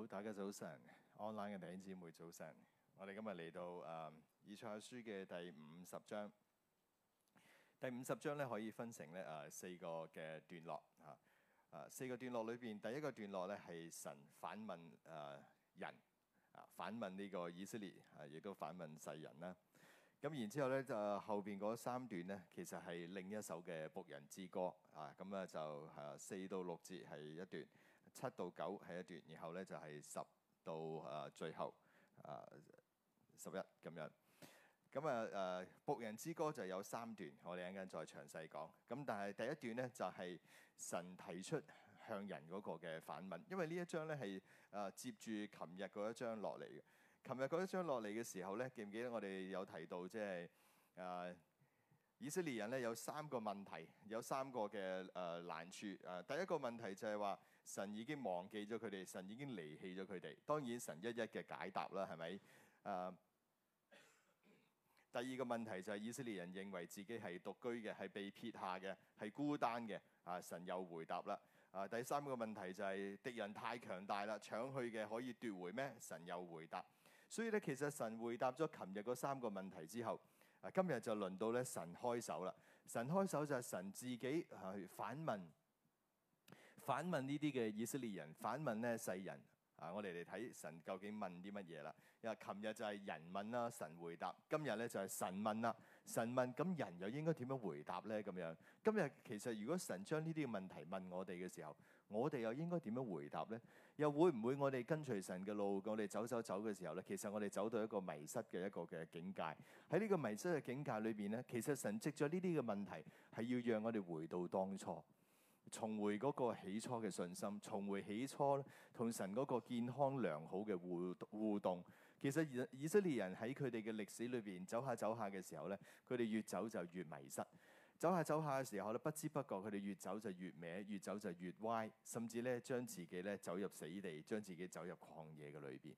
好，大家早晨，online 嘅弟兄姊妹早晨。我哋今日嚟到誒、嗯、以賽亞書嘅第五十章。第五十章咧可以分成咧誒四個嘅段落嚇。誒四個段落裏邊、啊，第一個段落咧係神反問誒、呃、人啊，反問呢個以色列啊，亦都反問世人啦。咁、啊、然之後咧就、啊、後邊嗰三段咧，其實係另一首嘅僕人之歌啊。咁咧就誒、啊、四到六節係一段。七到九係一段，然後咧就係十到誒最後誒、呃、十一咁樣。咁啊誒《僕人之歌》就有三段，我哋一陣間再詳細講。咁但係第一段咧就係、是、神提出向人嗰個嘅反問，因為呢一章咧係誒接住琴日嗰一章落嚟嘅。琴日嗰一章落嚟嘅時候咧，記唔記得我哋有提到即係誒以色列人咧有三個問題，有三個嘅誒、呃、難處。誒、呃、第一個問題就係話。神已經忘記咗佢哋，神已經離棄咗佢哋。當然，神一一嘅解答啦，係咪、啊？第二個問題就係、是、以色列人認為自己係獨居嘅，係被撇下嘅，係孤單嘅。啊，神有回答啦。啊，第三個問題就係、是、敵人太強大啦，搶去嘅可以奪回咩？神有回答。所以咧，其實神回答咗琴日嗰三個問題之後，啊，今日就輪到咧神開手啦。神開手就係神自己去、啊、反問。反問呢啲嘅以色列人，反問咧世人，啊，我哋嚟睇神究竟問啲乜嘢啦？因為，琴日就係人問啦，神回答；今日咧就係神問啦，神問，咁人又應該點樣回答咧？咁樣，今日其實如果神將呢啲嘅問題問我哋嘅時候，我哋又應該點樣回答咧？又會唔會我哋跟隨神嘅路，我哋走走走嘅時候咧，其實我哋走到一個迷失嘅一個嘅境界。喺呢個迷失嘅境界裏邊咧，其實神藉咗呢啲嘅問題，係要讓我哋回到當初。重回嗰個起初嘅信心，重回起初同神嗰個健康良好嘅互動互動。其實以色列人喺佢哋嘅歷史裏邊走下走下嘅時候咧，佢哋越走就越迷失，走下走下嘅時候咧，不知不覺佢哋越走就越歪，越走就越歪，甚至咧將自己咧走入死地，將自己走入曠野嘅裏邊。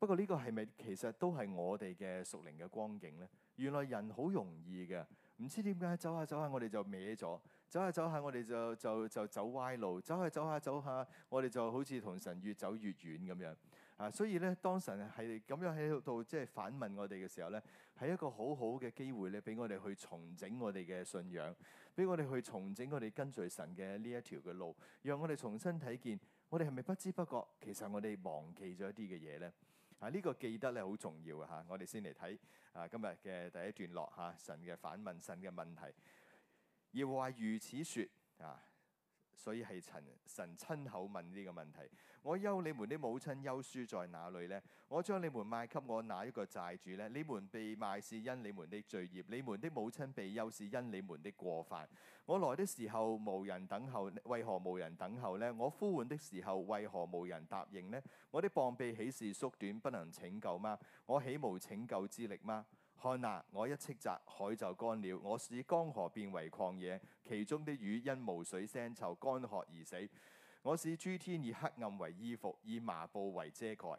不過呢個係咪其實都係我哋嘅屬靈嘅光景咧？原來人好容易嘅，唔知點解走下走下我哋就歪咗。走下走下，我哋就就就走歪路；走下走下走下，我哋就好似同神越走越遠咁樣啊！所以咧，當神係咁樣喺度即係反問我哋嘅時候咧，係一個好好嘅機會咧，俾我哋去重整我哋嘅信仰，俾我哋去重整我哋跟隨神嘅呢一條嘅路，讓我哋重新睇見我哋係咪不知不覺其實我哋忘記咗一啲嘅嘢咧啊！呢個記得咧好重要嘅吓，我哋先嚟睇啊今日嘅第一段落吓，神嘅反問，神嘅問題。耶和華如此説啊，所以係神親口問呢個問題。我休你們的母親，休書在哪裏呢？我將你們賣給我哪一個債主呢？你們被賣是因你們的罪孽，你們的母親被休是因你們的過犯。我來的時候無人等候，為何無人等候呢？我呼喚的時候為何無人答應呢？我的膀臂豈是縮短，不能拯救嗎？我豈無拯救之力嗎？看哪，我一斥責，海就乾了；我使江河變為曠野，其中的魚因無水腥臭，乾渴而死。我使諸天以黑暗為衣服，以麻布為遮蓋。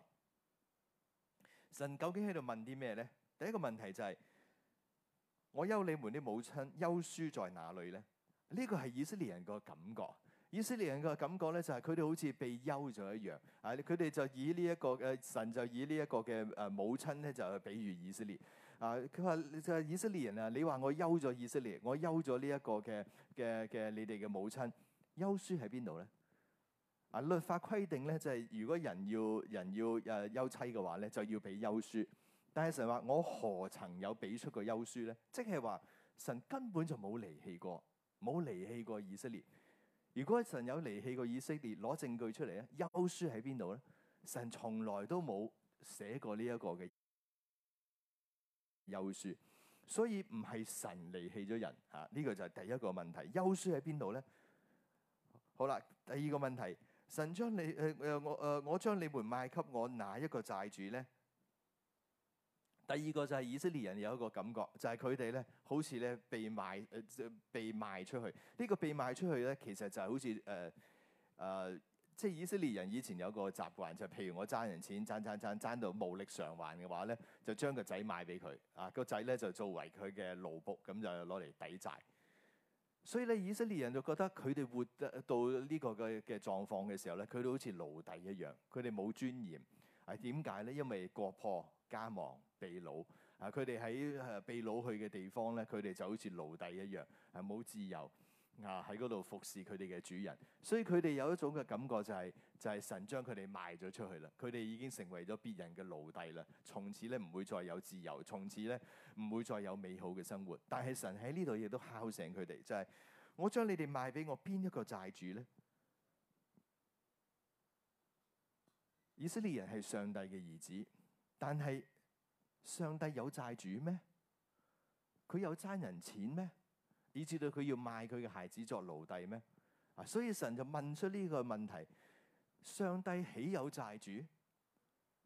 神究竟喺度問啲咩呢？第一個問題就係、是，我休你們的母親，休書在哪裏呢？」呢個係以色列人個感覺。以色列人嘅感覺咧，就係佢哋好似被休咗一樣。啊，佢哋就以呢一個嘅神就以呢一個嘅誒母親咧，就係比喻以色列。啊，佢話就係以色列人啊，你話我休咗以色列，我休咗呢一個嘅嘅嘅你哋嘅母親，休書喺邊度咧？啊，律法規定咧，就係如果人要人要誒休妻嘅話咧，就要俾休書。但係神話我何曾有俾出個休書咧？即係話神根本就冇離棄過，冇離棄過以色列。如果神有離棄過以色列，攞證據出嚟啊！休書喺邊度咧？神從來都冇寫過呢一個嘅休書，所以唔係神離棄咗人嚇。呢、啊這個就係第一個問題。休書喺邊度咧？好啦，第二個問題，神將你誒誒、呃、我誒、呃、我將你們賣給我哪一個債主咧？第二個就係以色列人有一個感覺，就係佢哋咧，好似咧被賣，即、呃、被賣出去。呢、這個被賣出去咧，其實就係好似誒誒，即係以色列人以前有個習慣，就係、譬如我爭人錢，爭爭爭爭到無力償還嘅話咧，就將個仔賣俾佢，啊個仔咧就作為佢嘅奴僕，咁就攞嚟抵債。所以咧，以色列人就覺得佢哋活得到呢個嘅嘅狀況嘅時候咧，佢哋好似奴隸一樣，佢哋冇尊嚴。係點解咧？因為國破家亡。被擄啊！佢哋喺誒被擄去嘅地方咧，佢哋就好似奴隸一樣，係冇自由啊，喺嗰度服侍佢哋嘅主人。所以佢哋有一種嘅感覺就係、是，就係、是、神將佢哋賣咗出去啦。佢哋已經成為咗別人嘅奴隸啦，從此咧唔會再有自由，從此咧唔會再有美好嘅生活。但係神喺呢度亦都敲醒佢哋，就係、是、我將你哋賣俾我邊一個債主咧？以色列人係上帝嘅兒子，但係。上帝有債主咩？佢有爭人錢咩？以至到佢要賣佢嘅孩子作奴隸咩？啊，所以神就問出呢個問題：上帝豈有債主？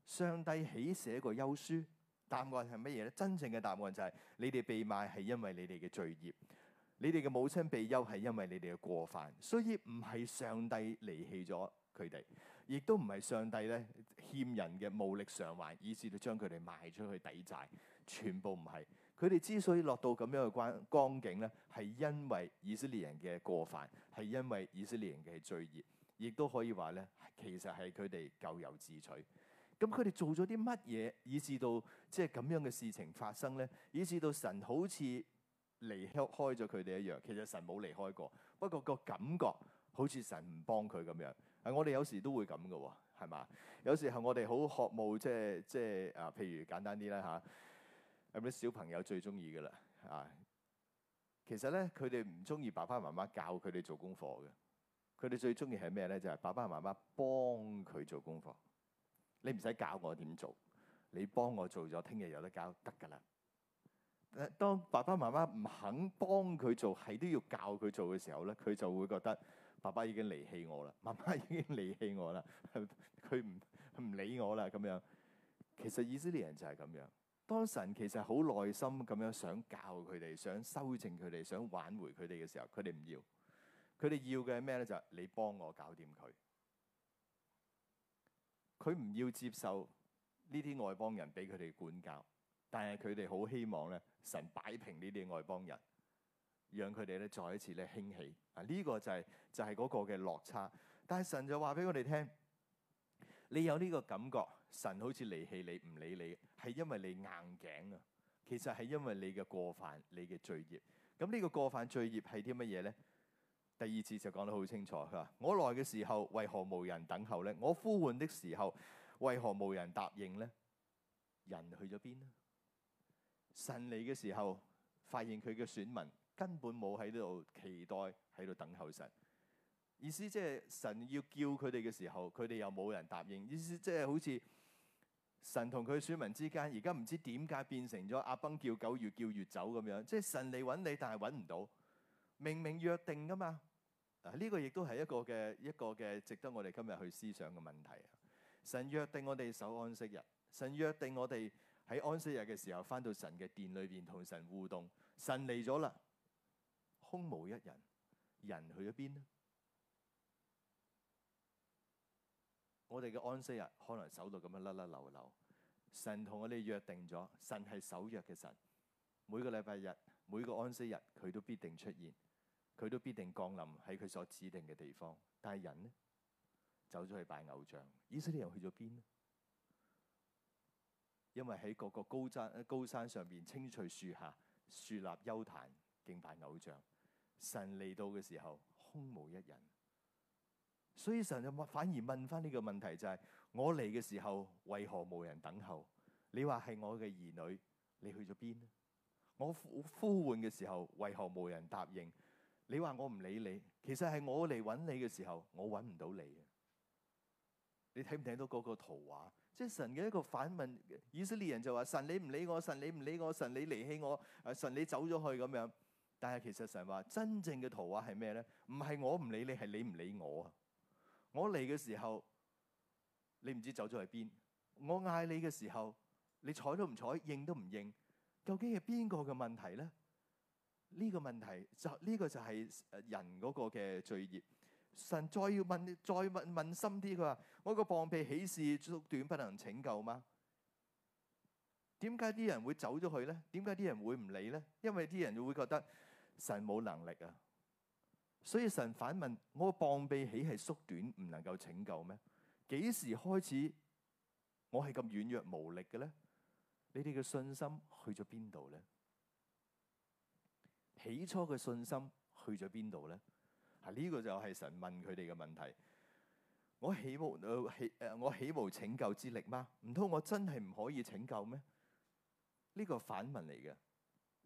上帝豈寫個休書？答案係乜嘢咧？真正嘅答案就係、是：你哋被賣係因為你哋嘅罪孽，你哋嘅母親被休係因為你哋嘅過犯，所以唔係上帝離棄咗佢哋。亦都唔係上帝咧欠人嘅無力償還，以至到將佢哋賣出去抵債，全部唔係。佢哋之所以落到咁樣嘅關光景咧，係因為以色列人嘅過犯，係因為以色列人嘅罪孽，亦都可以話咧，其實係佢哋咎由自取。咁佢哋做咗啲乜嘢，以致到即係咁樣嘅事情發生咧，以致到神好似離開咗佢哋一樣，其實神冇離開過，不過個感覺好似神唔幫佢咁樣。係，我哋有時都會咁嘅喎，係嘛？有時候我哋好渴慕，即係即係啊！譬如簡單啲啦吓，咁、啊、啲小朋友最中意嘅啦啊！其實咧，佢哋唔中意爸爸媽媽教佢哋做功課嘅，佢哋最中意係咩咧？就係、是、爸爸媽媽幫佢做功課。你唔使教我點做，你幫我做咗，聽日有得交得㗎啦。當爸爸媽媽唔肯幫佢做，係都要教佢做嘅時候咧，佢就會覺得。爸爸已經離棄我啦，媽媽已經離棄我啦，佢唔理我啦咁樣。其實以色列人就係咁樣。當神其實好耐心咁樣想教佢哋，想修正佢哋，想挽回佢哋嘅時候，佢哋唔要。佢哋要嘅係咩呢？就係你幫我搞掂佢。佢唔要接受呢啲外邦人俾佢哋管教，但係佢哋好希望呢，神擺平呢啲外邦人。讓佢哋咧再一次咧興起，啊呢個就係、就係嗰個嘅落差。但係神就話俾我哋聽，你有呢個感覺，神好似離棄你、唔理你，係因為你硬頸啊。其實係因為你嘅過犯、你嘅罪孽。」咁呢個過犯、罪孽係啲乜嘢呢？第二次就講得好清楚，佢話我來嘅時候為何無人等候呢？我呼喚的時候為何無人答應呢？人去咗邊啊？神嚟嘅時候發現佢嘅選民。根本冇喺度期待喺度等候神，意思即係神要叫佢哋嘅時候，佢哋又冇人答應。意思即係好似神同佢選民之間，而家唔知點解變成咗阿崩叫狗越叫越走咁樣。即係神嚟揾你，但係揾唔到。明明約定噶嘛，呢個亦都係一個嘅一個嘅值得我哋今日去思想嘅問題。神約定我哋守安息日，神約定我哋喺安息日嘅時候翻到神嘅殿裏邊同神互動。神嚟咗啦。空無一人，人去咗邊呢？我哋嘅安息日可能守到咁樣甩甩流流，神同我哋約定咗，神係守約嘅神，每個禮拜日、每個安息日佢都必定出現，佢都必定降臨喺佢所指定嘅地方。但係人呢，走咗去拜偶像，以色列又去咗邊呢？因為喺各個高山、高山上面青翠樹下樹立邱壇敬拜偶像。神嚟到嘅時候，空無一人，所以神就反而問翻呢個問題，就是，就係我嚟嘅時候為何冇人等候？你話係我嘅兒女，你去咗邊？我呼呼喚嘅時候為何冇人答應？你話我唔理你，其實係我嚟揾你嘅時候，我揾唔到你嘅！你睇唔睇到嗰個圖畫？即係神嘅一個反問，以色列人就話：神你唔理我，神你唔理我，神你離棄我，我，神你走咗去咁樣。但係其實神話真正嘅圖畫係咩咧？唔係我唔理你，係你唔理我啊！我嚟嘅時候，你唔知走咗去邊。我嗌你嘅時候，你睬都唔睬，應都唔應。究竟係邊個嘅問題咧？呢、這個問題就呢、這個就係誒人嗰個嘅罪孽。神再要問，再問問深啲，佢話：我個膀臂豈是，縮短不能拯救嗎？點解啲人會走咗去咧？點解啲人會唔理咧？因為啲人就會覺得。神冇能力啊，所以神反問我：個膀臂豈係縮短，唔能夠拯救咩？幾時開始我係咁軟弱無力嘅咧？你哋嘅信心去咗邊度咧？起初嘅信心去咗邊度咧？啊，呢、這個就係神問佢哋嘅問題。我豈無誒誒、呃呃，我豈無拯救之力嗎？唔通我真係唔可以拯救咩？呢個反問嚟嘅。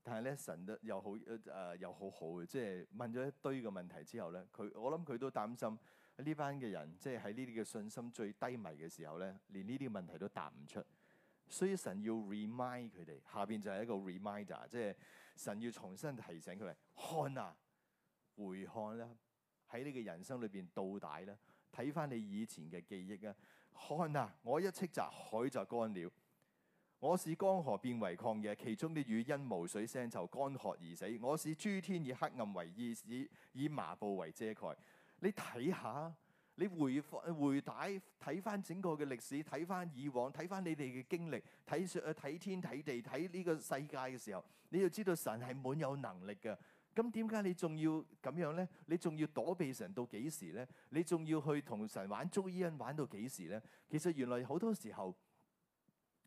但係咧，神又好誒、呃、又好好嘅，即係問咗一堆嘅問題之後咧，佢我諗佢都擔心呢班嘅人，即係喺呢啲嘅信心最低迷嘅時候咧，連呢啲問題都答唔出，所以神要 remind 佢哋，下邊就係一個 reminder，即係神要重新提醒佢哋，看啊，回看啦、啊，喺你嘅人生裏邊倒帶咧，睇翻你以前嘅記憶啊，看啊，我一斥責，海就乾了。我是江河變為曠野，其中啲魚因無水腥就乾渴而死。我是諸天以黑暗為衣，以以麻布為遮蓋。你睇下，你回回睇睇翻整個嘅歷史，睇翻以往，睇翻你哋嘅經歷，睇上睇天睇地睇呢個世界嘅時候，你就知道神係滿有能力嘅。咁點解你仲要咁樣呢？你仲要躲避神到幾時呢？你仲要去同神玩捉伊恩玩到幾時呢？其實原來好多時候。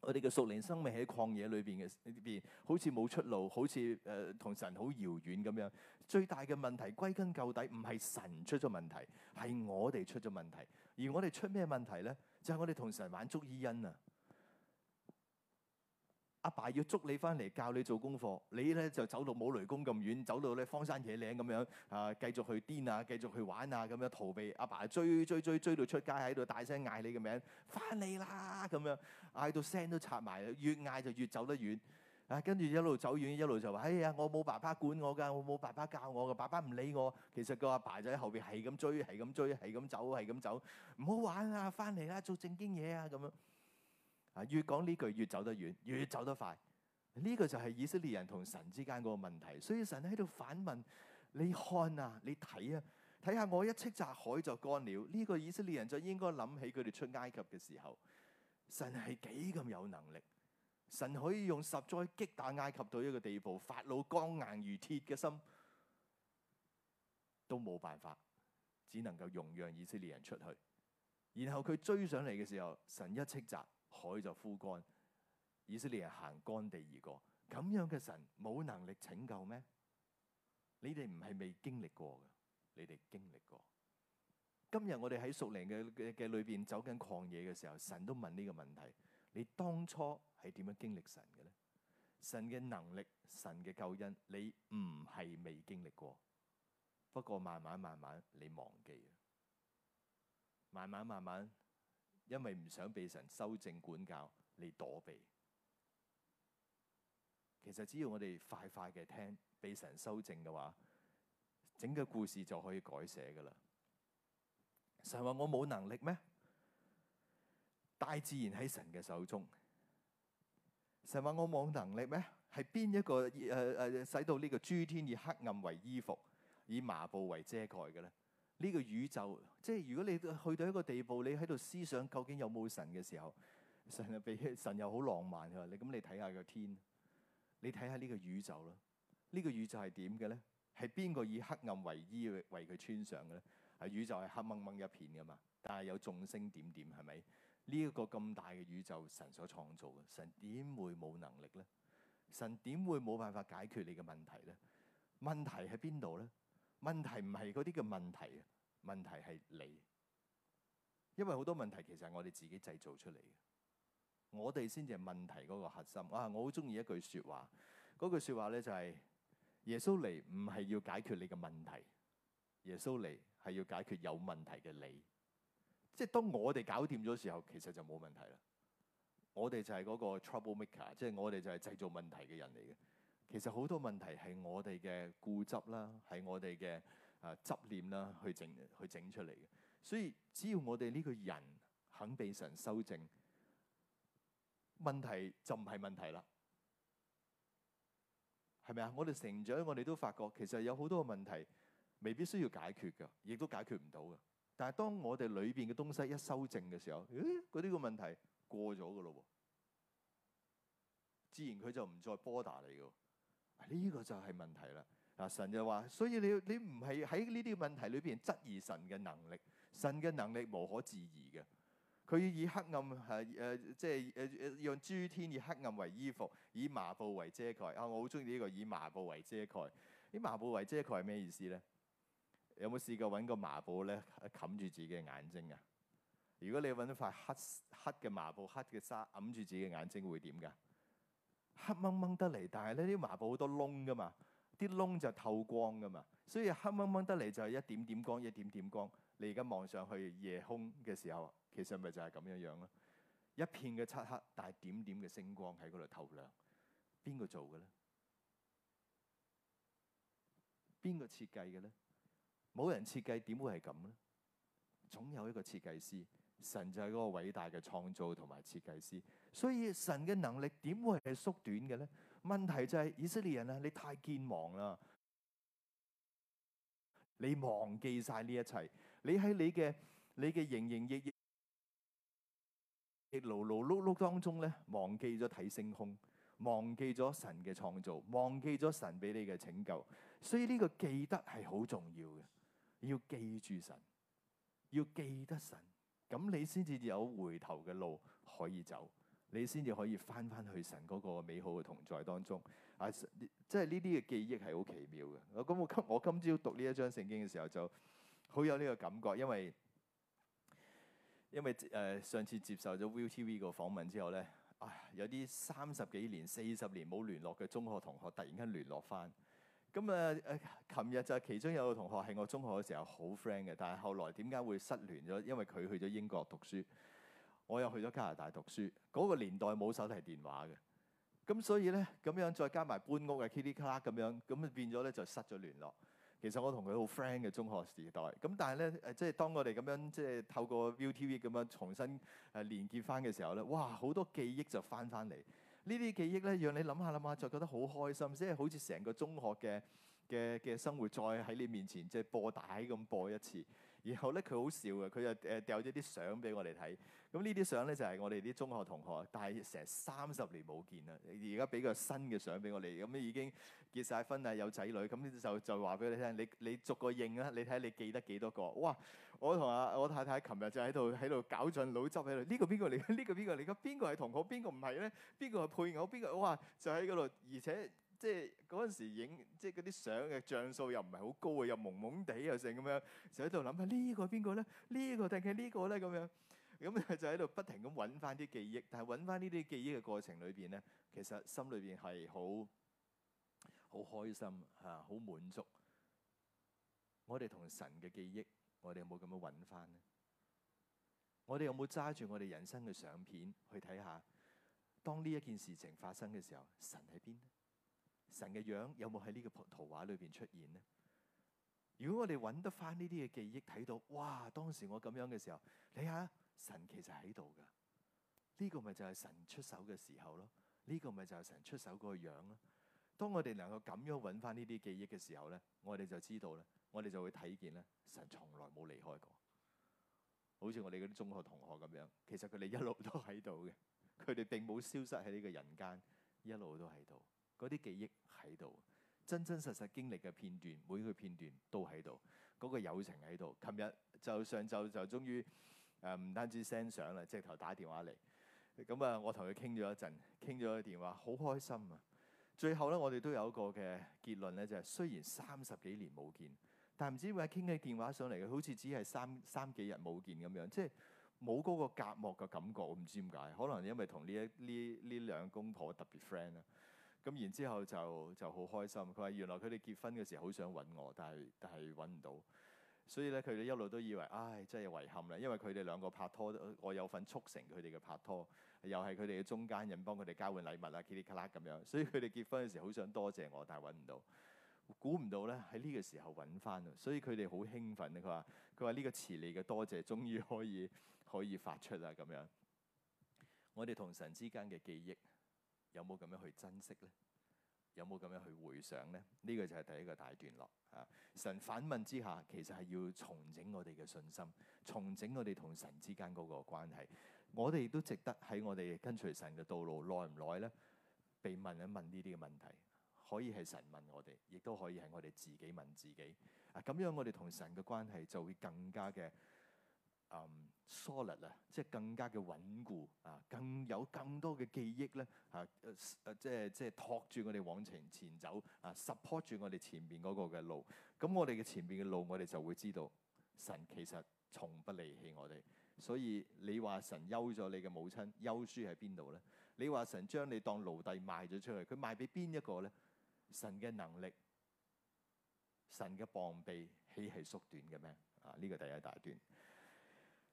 我哋嘅屬靈生命喺曠野裏邊嘅呢邊，好似冇出路，好似誒同神好遙遠咁樣。最大嘅問題歸根究底，唔係神出咗問題，係我哋出咗問題。而我哋出咩問題咧？就係、是、我哋同神玩捉伊因啊！阿爸要捉你翻嚟教你做功課，你咧就走到冇雷公咁遠，走到咧荒山野嶺咁樣啊，繼續去癲啊，繼續去玩啊，咁樣逃避阿爸追追追追追到出街，喺度大聲嗌你嘅名，翻嚟啦咁樣，嗌到聲都拆埋，越嗌就越走得遠。唉，啊，跟住一路走遠，一路就話：哎呀，我冇爸爸管我㗎，我冇爸爸教我㗎，爸爸唔理我。其實個阿爸就喺後邊係咁追，係咁追，係咁走，係咁走，唔好玩啊！翻嚟啦，做正經嘢啊咁樣。啊！越講呢句越走得遠，越走得快。呢個就係以色列人同神之間嗰個問題，所以神喺度反問：你看啊，你睇啊，睇下我一斥責海就乾了。呢個以色列人就應該諗起佢哋出埃及嘅時候，神係幾咁有能力，神可以用十災擊打埃及到一個地步，法老剛硬如鐵嘅心都冇辦法，只能夠容讓以色列人出去。然後佢追上嚟嘅時候，神一斥責，海就枯乾，以色列人行乾地而過。咁樣嘅神冇能力拯救咩？你哋唔係未經歷過嘅，你哋經歷過。今日我哋喺屬靈嘅嘅裏邊走緊曠野嘅時候，神都問呢個問題：你當初係點樣經歷神嘅咧？神嘅能力，神嘅救恩，你唔係未經歷過。不過慢慢慢慢，你忘記。慢慢慢慢。因為唔想被神修正管教嚟躲避，其實只要我哋快快嘅聽，被神修正嘅話，整個故事就可以改寫噶啦。神話我冇能力咩？大自然喺神嘅手中。神話我冇能力咩？係邊一個誒誒使到呢個諸天以黑暗為衣服，以麻布為遮蓋嘅咧？呢個宇宙，即係如果你去到一個地步，你喺度思想究竟有冇神嘅時候，神又俾神又好浪漫㗎，你咁你睇下個天，你睇下呢個宇宙啦，呢個宇宙係點嘅咧？係邊個以黑暗為衣為佢穿上嘅咧？啊，宇宙係黑掹掹一片㗎嘛，但係有眾星點點，係咪？呢一個咁大嘅宇宙，神所創造嘅，神點會冇能力咧？神點會冇辦法解決你嘅問題咧？問題喺邊度咧？問題唔係嗰啲嘅問題啊，問題係你，因為好多問題其實係我哋自己製造出嚟嘅，我哋先至係問題嗰個核心。啊，我好中意一句説話，嗰句説話咧就係耶穌嚟唔係要解決你嘅問題，耶穌嚟係要解決有問題嘅你。即係當我哋搞掂咗時候，其實就冇問題啦。我哋就係嗰個 trouble maker，即係我哋就係製造問題嘅人嚟嘅。其實好多問題係我哋嘅固執啦，係我哋嘅啊執念啦，去整去整出嚟嘅。所以只要我哋呢個人肯被神修正，問題就唔係問題啦，係咪啊？我哋成長，我哋都發覺其實有好多嘅問題未必需要解決嘅，亦都解決唔到嘅。但係當我哋裏邊嘅東西一修正嘅時候，誒嗰啲嘅問題過咗嘅咯喎，自然佢就唔再波打你嘅。呢個就係問題啦！啊，神就話，所以你你唔係喺呢啲問題裏邊質疑神嘅能力，神嘅能力無可置疑嘅。佢要以黑暗係誒、呃，即係誒誒，讓、呃、諸天以黑暗為衣服，以麻布為遮蓋。啊，我好中意呢個，以麻布為遮蓋。以麻布為遮蓋係咩意思咧？有冇試過揾個麻布咧冚住自己嘅眼睛啊？如果你揾到塊黑黑嘅麻布、黑嘅沙，冚住自己嘅眼睛，會點㗎？黑掹掹得嚟，但係呢啲麻布好多窿噶嘛，啲窿就透光噶嘛，所以黑掹掹得嚟就係一點點光，一點點光。你而家望上去夜空嘅時候，其實咪就係咁樣樣咯，一片嘅漆黑，帶點點嘅星光喺嗰度透亮。邊個做嘅咧？邊個設計嘅咧？冇人設計點會係咁咧？總有一個設計師。神就係嗰個偉大嘅創造同埋設計師，所以神嘅能力點會係縮短嘅咧？問題就係、是、以色列人啊，你太健忘啦，你忘記晒呢一切，你喺你嘅你嘅營營役役、亦勞勞碌碌當中咧，忘記咗睇星空，忘記咗神嘅創造，忘記咗神俾你嘅拯救，所以呢個記得係好重要嘅，要記住神，要記得神。咁你先至有回頭嘅路可以走，你先至可以翻翻去神嗰個美好嘅同在當中啊！即係呢啲嘅記憶係好奇妙嘅。咁我今我今朝讀呢一章聖經嘅時候就好有呢個感覺，因為因為誒上次接受咗 ViuTV 個訪問之後呢，啊有啲三十幾年、四十年冇聯絡嘅中學同學，突然間聯絡翻。咁啊，誒、嗯，琴日就係其中有個同學係我中學嘅時候好 friend 嘅，但係後來點解會失聯咗？因為佢去咗英國讀書，我又去咗加拿大讀書。嗰、那個年代冇手提電話嘅，咁所以咧咁樣再加埋搬屋嘅 k i 啊，噼里卡啦咁樣，咁變咗咧就失咗聯絡。其實我同佢好 friend 嘅中學時代，咁但係咧誒，即係當我哋咁樣即係透過 Viu TV 咁樣重新誒連結翻嘅時候咧，哇！好多記憶就翻翻嚟。呢啲記憶咧，讓你諗下諗下，就覺得好開心，即係好似成個中學嘅嘅嘅生活，再喺你面前即係播帶咁播一次。然後咧佢好笑嘅，佢就誒掉咗啲相俾我哋睇。咁呢啲相咧就係我哋啲中學同學，但係成三十年冇見啦。而而家俾個新嘅相俾我哋，咁你已經結晒婚啦，有仔女。咁呢就就話俾你聽，你你逐個認啦，你睇你記得幾多個？哇！我同阿我太太琴日就喺度喺度絞盡腦汁喺度，呢個邊個嚟？呢個邊個嚟？咁邊個係同學？邊個唔係咧？邊個係配偶？邊個哇？就喺嗰度，而且。即係嗰陣時影，即係嗰啲相嘅像素又唔係好高，又朦朦地又成咁樣，就喺度諗下呢個邊個咧？呢個定係呢個咧？咁樣咁就喺度不停咁揾翻啲記憶。但係揾翻呢啲記憶嘅過程裏邊咧，其實心裏邊係好好開心嚇，好滿足。我哋同神嘅記憶，我哋有冇咁樣揾翻咧？我哋有冇揸住我哋人生嘅相片去睇下？當呢一件事情發生嘅時候，神喺邊咧？神嘅樣有冇喺呢個圖畫裏邊出現呢？如果我哋揾得翻呢啲嘅記憶，睇到哇，當時我咁樣嘅時候，你睇下神其實喺度噶。呢個咪就係神出手嘅時候咯。呢個咪就係神出手嗰個樣咯。當我哋能夠咁樣揾翻呢啲記憶嘅時候咧，我哋就知道咧，我哋就會睇見咧，神從來冇離開過。好似我哋嗰啲中學同學咁樣，其實佢哋一路都喺度嘅，佢哋並冇消失喺呢個人間，一路都喺度。嗰啲記憶喺度，真真實實經歷嘅片段，每一個片段都喺度。嗰個友情喺度。琴日就上晝就終於誒，唔單止 send 相啦，直頭打電話嚟咁啊！我同佢傾咗一陣，傾咗個電話，好開心啊！最後咧，我哋都有一個嘅結論咧，就係雖然三十幾年冇見，但唔知點解傾起電話上嚟嘅，好似只係三三幾日冇見咁樣，即係冇嗰個隔膜嘅感覺。我唔知點解，可能因為同呢一呢呢兩公婆特別 friend 啦。咁然之後就就好開心，佢話原來佢哋結婚嘅時候好想揾我，但係但係揾唔到，所以咧佢哋一路都以為唉真係遺憾啦，因為佢哋兩個拍拖，我有份促成佢哋嘅拍拖，又係佢哋嘅中間人幫佢哋交換禮物啊 click click 咁樣，所以佢哋結婚嘅時候好想多謝我，但係揾唔到，估唔到呢，喺呢個時候揾翻，所以佢哋好興奮，佢話佢話呢個遲嚟嘅多謝終於可以可以發出啦咁樣，我哋同神之間嘅記憶。有冇咁樣去珍惜呢？有冇咁樣去回想呢？呢個就係第一個大段落啊！神反問之下，其實係要重整我哋嘅信心，重整我哋同神之間嗰個關係。我哋亦都值得喺我哋跟隨神嘅道路耐唔耐呢？被問一問呢啲嘅問題，可以係神問我哋，亦都可以係我哋自己問自己啊。咁樣我哋同神嘅關係就會更加嘅。嗯，um，solid 啊，即係更加嘅穩固啊，更有更多嘅記憶咧啊！誒，即係即係託住我哋往前前走啊，support 住我哋前面嗰個嘅路。咁我哋嘅前面嘅路，我哋就會知道神其實從不離棄我哋。所以你話神休咗你嘅母親，休書喺邊度咧？你話神將你當奴隸賣咗出去，佢賣俾邊一個咧？神嘅能力，神嘅膀臂豈係縮短嘅咩？啊，呢個第一大段。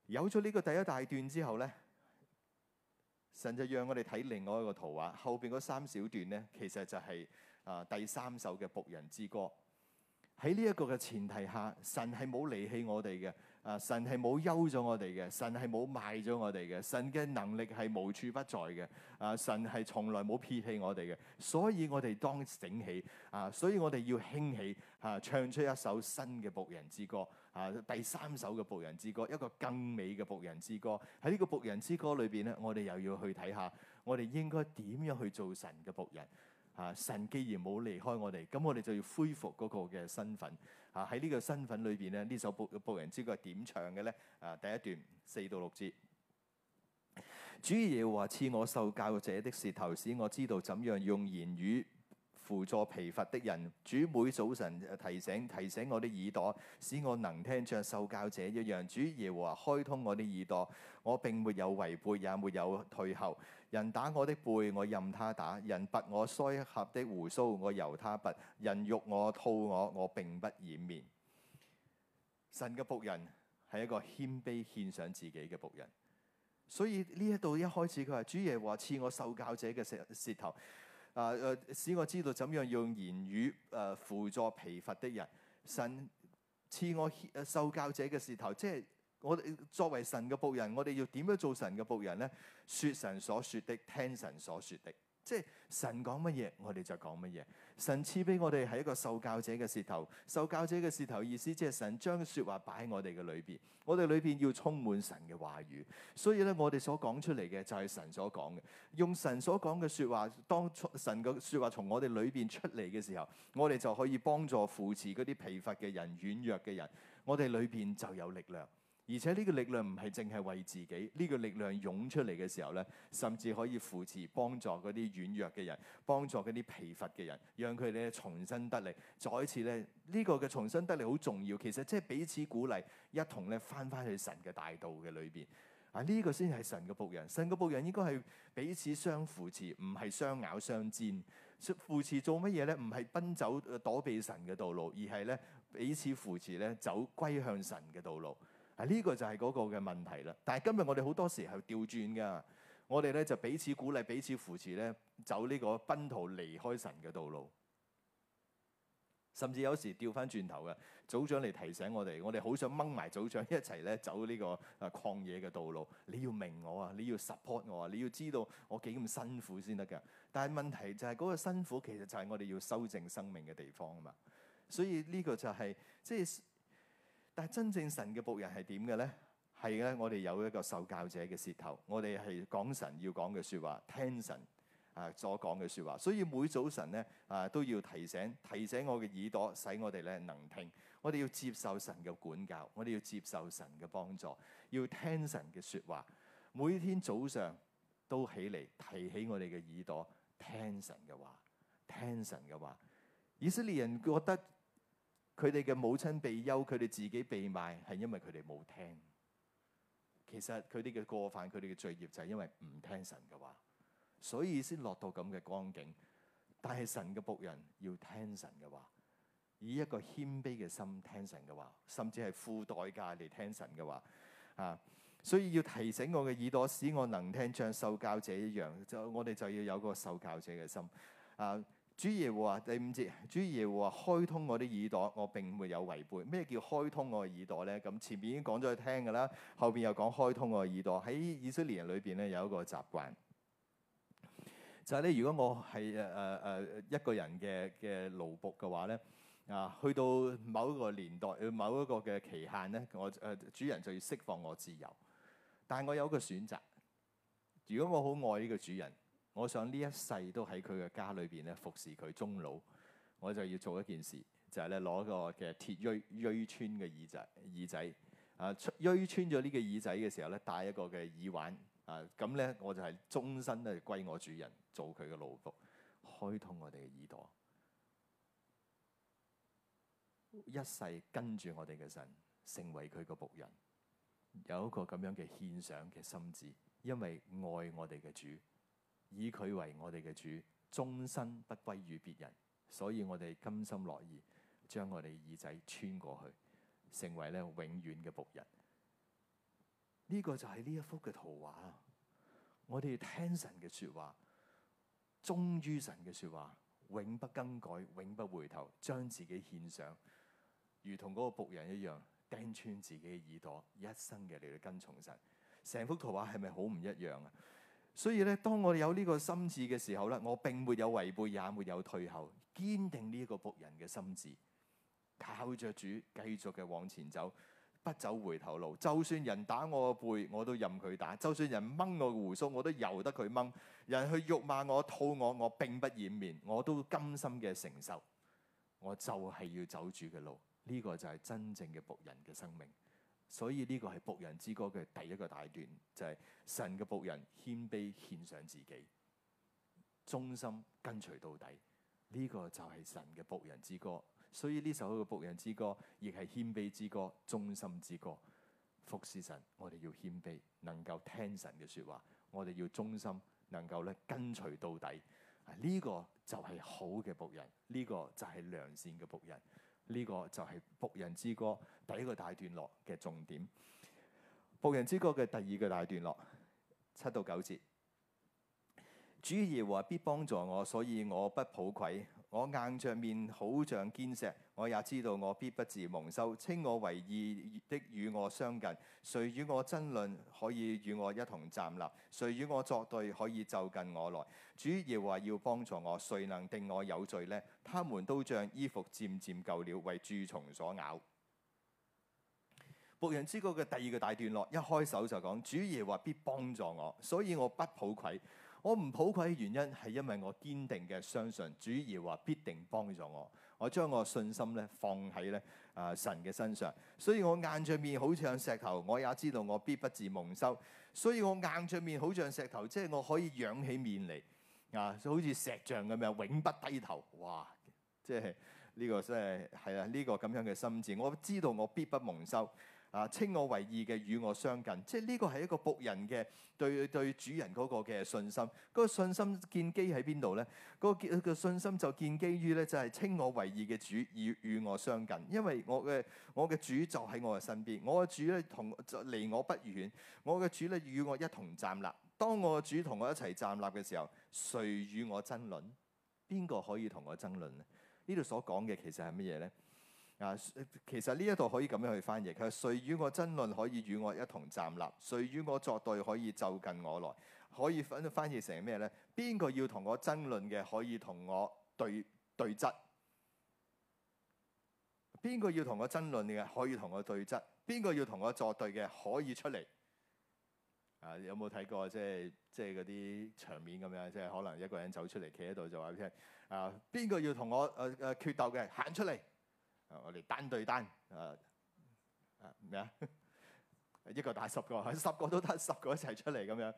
有咗呢個第一大段之後呢，神就讓我哋睇另外一個圖畫，後邊嗰三小段呢，其實就係、是、啊、呃、第三首嘅僕人之歌。喺呢一個嘅前提下，神係冇離棄我哋嘅，啊神係冇休咗我哋嘅，神係冇賣咗我哋嘅，神嘅能力係無處不在嘅，啊、呃、神係從來冇撇棄我哋嘅，所以我哋當醒起，啊、呃、所以我哋要興起啊、呃、唱出一首新嘅僕人之歌。啊！第三首嘅僕人之歌，一個更美嘅僕人之歌。喺呢個僕人之歌裏邊呢，我哋又要去睇下，我哋應該點樣去做神嘅僕人？啊！神既然冇離開我哋，咁我哋就要恢復嗰個嘅身份。啊！喺呢個身份裏邊呢，呢首僕僕人之歌係點唱嘅呢？啊！第一段四到六節，主耶和華賜我受教者的舌頭，使我知道怎樣用言語。輔助疲乏的人，主每早晨提醒提醒我的耳朵，使我能聽像受教者一樣。主耶和華開通我的耳朵，我並沒有違背，也沒有退後。人打我的背，我任他打；人拔我腮頰的鬍鬚，我由他拔；人辱我、吐我，我並不掩面。神嘅僕人係一個謙卑獻上自己嘅僕人，所以呢一度一開始佢話，主耶和華賜我受教者嘅舌頭。啊！誒，使我知道怎樣用言語誒扶、啊、助疲乏的人。神賜我受教者嘅舌頭，即係我哋作為神嘅僕人，我哋要點樣做神嘅僕人咧？說神所說的，聽神所說的。即係神講乜嘢，我哋就講乜嘢。神賜俾我哋係一個受教者嘅舌頭，受教者嘅舌頭意思即係神將說話擺喺我哋嘅裏邊，我哋裏邊要充滿神嘅話語。所以咧，我哋所講出嚟嘅就係神所講嘅。用神所講嘅說話，當神嘅說話從我哋裏邊出嚟嘅時候，我哋就可以幫助扶持嗰啲疲乏嘅人、軟弱嘅人。我哋裏邊就有力量。而且呢個力量唔係淨係為自己，呢、這個力量湧出嚟嘅時候咧，甚至可以扶持幫助嗰啲軟弱嘅人，幫助嗰啲疲乏嘅人，讓佢哋咧重新得力，再一次咧呢、這個嘅重新得力好重要。其實即係彼此鼓勵，一同咧翻翻去神嘅大道嘅裏邊啊！呢、這個先係神嘅僕人，神嘅僕人應該係彼此相扶持，唔係相咬相煎。扶持做乜嘢咧？唔係奔走躲避神嘅道路，而係咧彼此扶持咧走歸向神嘅道路。呢個就係嗰個嘅問題啦。但係今日我哋好多時係調轉噶，我哋咧就彼此鼓勵、彼此扶持咧，走呢個奔逃離開神嘅道路。甚至有時調翻轉頭嘅組長嚟提醒我哋，我哋好想掹埋組長一齊咧走呢個啊曠野嘅道路。你要明我啊，你要 support 我啊，你要知道我幾咁辛苦先得㗎。但係問題就係嗰個辛苦，其實就係我哋要修正生命嘅地方啊嘛。所以呢個就係即係。但真正神嘅僕人係點嘅咧？係咧，我哋有一個受教者嘅舌頭，我哋係講神要講嘅說話，聽神啊所講嘅說話，所以每早晨咧啊，都要提醒，提醒我嘅耳朵，使我哋咧能聽，我哋要接受神嘅管教，我哋要接受神嘅幫助，要聽神嘅說話，每天早上都起嚟，提起我哋嘅耳朵，聽神嘅話，聽神嘅話，以色列人覺得。佢哋嘅母親被休，佢哋自己被賣，係因為佢哋冇聽。其實佢哋嘅過犯，佢哋嘅罪孽就係因為唔聽神嘅話，所以先落到咁嘅光景。但係神嘅僕人要聽神嘅話，以一個謙卑嘅心聽神嘅話，甚至係付代價嚟聽神嘅話啊！所以要提醒我嘅耳朵，使我能聽，像受教者一樣。就我哋就要有個受教者嘅心啊！主耶和華第五節，主耶和華開通我啲耳朵，我並沒有違背。咩叫開通我嘅耳朵咧？咁前面已經講咗聽㗎啦，後邊又講開通我嘅耳朵。喺以色列人裏邊咧有一個習慣，就係咧如果我係誒誒誒一個人嘅嘅奴僕嘅話咧，啊去到某一個年代、某一個嘅期限咧，我誒主人就要釋放我自由。但係我有一個選擇，如果我好愛呢個主人。我想呢一世都喺佢嘅家裏邊咧服侍佢終老，我就要做一件事，就係咧攞個嘅鐵錐穿嘅耳仔耳仔啊，錐穿咗呢個耳仔嘅時候咧，戴一個嘅耳環啊。咁咧我就係終身都係歸我主人做佢嘅奴僕，開通我哋嘅耳朵，一世跟住我哋嘅神，成為佢嘅僕人，有一個咁樣嘅獻上嘅心志，因為愛我哋嘅主。以佢為我哋嘅主，終身不歸於別人，所以我哋甘心樂意將我哋耳仔穿過去，成為咧永遠嘅僕人。呢個就係呢一幅嘅圖畫。我哋聽神嘅説話，忠於神嘅説話，永不更改，永不回頭，將自己獻上，如同嗰個僕人一樣，釘穿自己嘅耳朵，一生嘅你嚟跟從神。成幅圖畫係咪好唔一樣啊？所以咧，當我哋有呢個心志嘅時候咧，我並沒有違背，也沒有退後，堅定呢一個僕人嘅心志，靠著主繼續嘅往前走，不走回頭路。就算人打我背，我都任佢打；就算人掹我胡鬚，我都由得佢掹。人去辱罵我、吐我，我並不掩面，我都甘心嘅承受。我就係要走主嘅路，呢、這個就係真正嘅僕人嘅生命。所以呢個係僕人之歌嘅第一個大段，就係神嘅僕人謙卑獻上自己，忠心跟隨到底。呢個就係神嘅僕人之歌。所以呢首嘅僕人之歌，亦係謙卑之歌、忠心之歌。服侍神，我哋要謙卑，能夠聽神嘅説話；我哋要忠心，能夠咧跟隨到底。呢個就係好嘅僕人，呢個就係良善嘅僕人。呢個就係僕人之歌第一個大段落嘅重點。僕人之歌嘅第二個大段落，七到九節。主耶和華必幫助我，所以我不抱愧，我硬着面好像堅石。我也知道我必不自蒙羞，稱我為義的與我相近，誰與我爭論可以與我一同站立？誰與我作對可以就近我來？主耶和華要幫助我，誰能定我有罪呢？他們都像衣服漸漸舊了，為蛀蟲所咬。僕人之歌嘅第二個大段落，一開手就講：主耶和華必幫助我，所以我不抱愧。我唔抱愧嘅原因係因為我堅定嘅相信，主耶和華必定幫助我。我將我信心咧放喺咧啊神嘅身上，所以我硬着面好似像石頭，我也知道我必不自蒙羞，所以我硬着面好像石頭，即係我可以仰起面嚟啊，好似石像咁樣永不低頭。哇！即係呢、這個真係係啦，呢、這個咁樣嘅心智，我知道我必不蒙羞。啊！稱我為義嘅與我相近，即係呢個係一個僕人嘅對對主人嗰個嘅信心。嗰個信心建基喺邊度呢？嗰個嗰個信心就建基於呢，就係稱我為義嘅主與與我相近。因為我嘅我嘅主就喺我嘅身邊，我嘅主咧同離我不遠，我嘅主咧與我一同站立。當我嘅主同我一齊站立嘅時候，誰與我爭論？邊個可以同我爭論呢？呢度所講嘅其實係乜嘢呢？啊，其實呢一度可以咁樣去翻譯，佢誰與我爭論可以與我一同站立，誰與我作對可以就近我來，可以翻翻譯成咩呢？邊個要同我爭論嘅可以同我對對質？邊個要同我爭論嘅可以同我對質？邊個要同我作對嘅可以出嚟？啊，有冇睇過即係即係嗰啲場面咁樣？即係可能一個人走出嚟企喺度就話俾你聽：啊，邊個要同我誒誒、呃、決鬥嘅，行出嚟！我哋單對單啊啊咩啊？ 一個打十個，十個都得，十個一齊出嚟咁樣。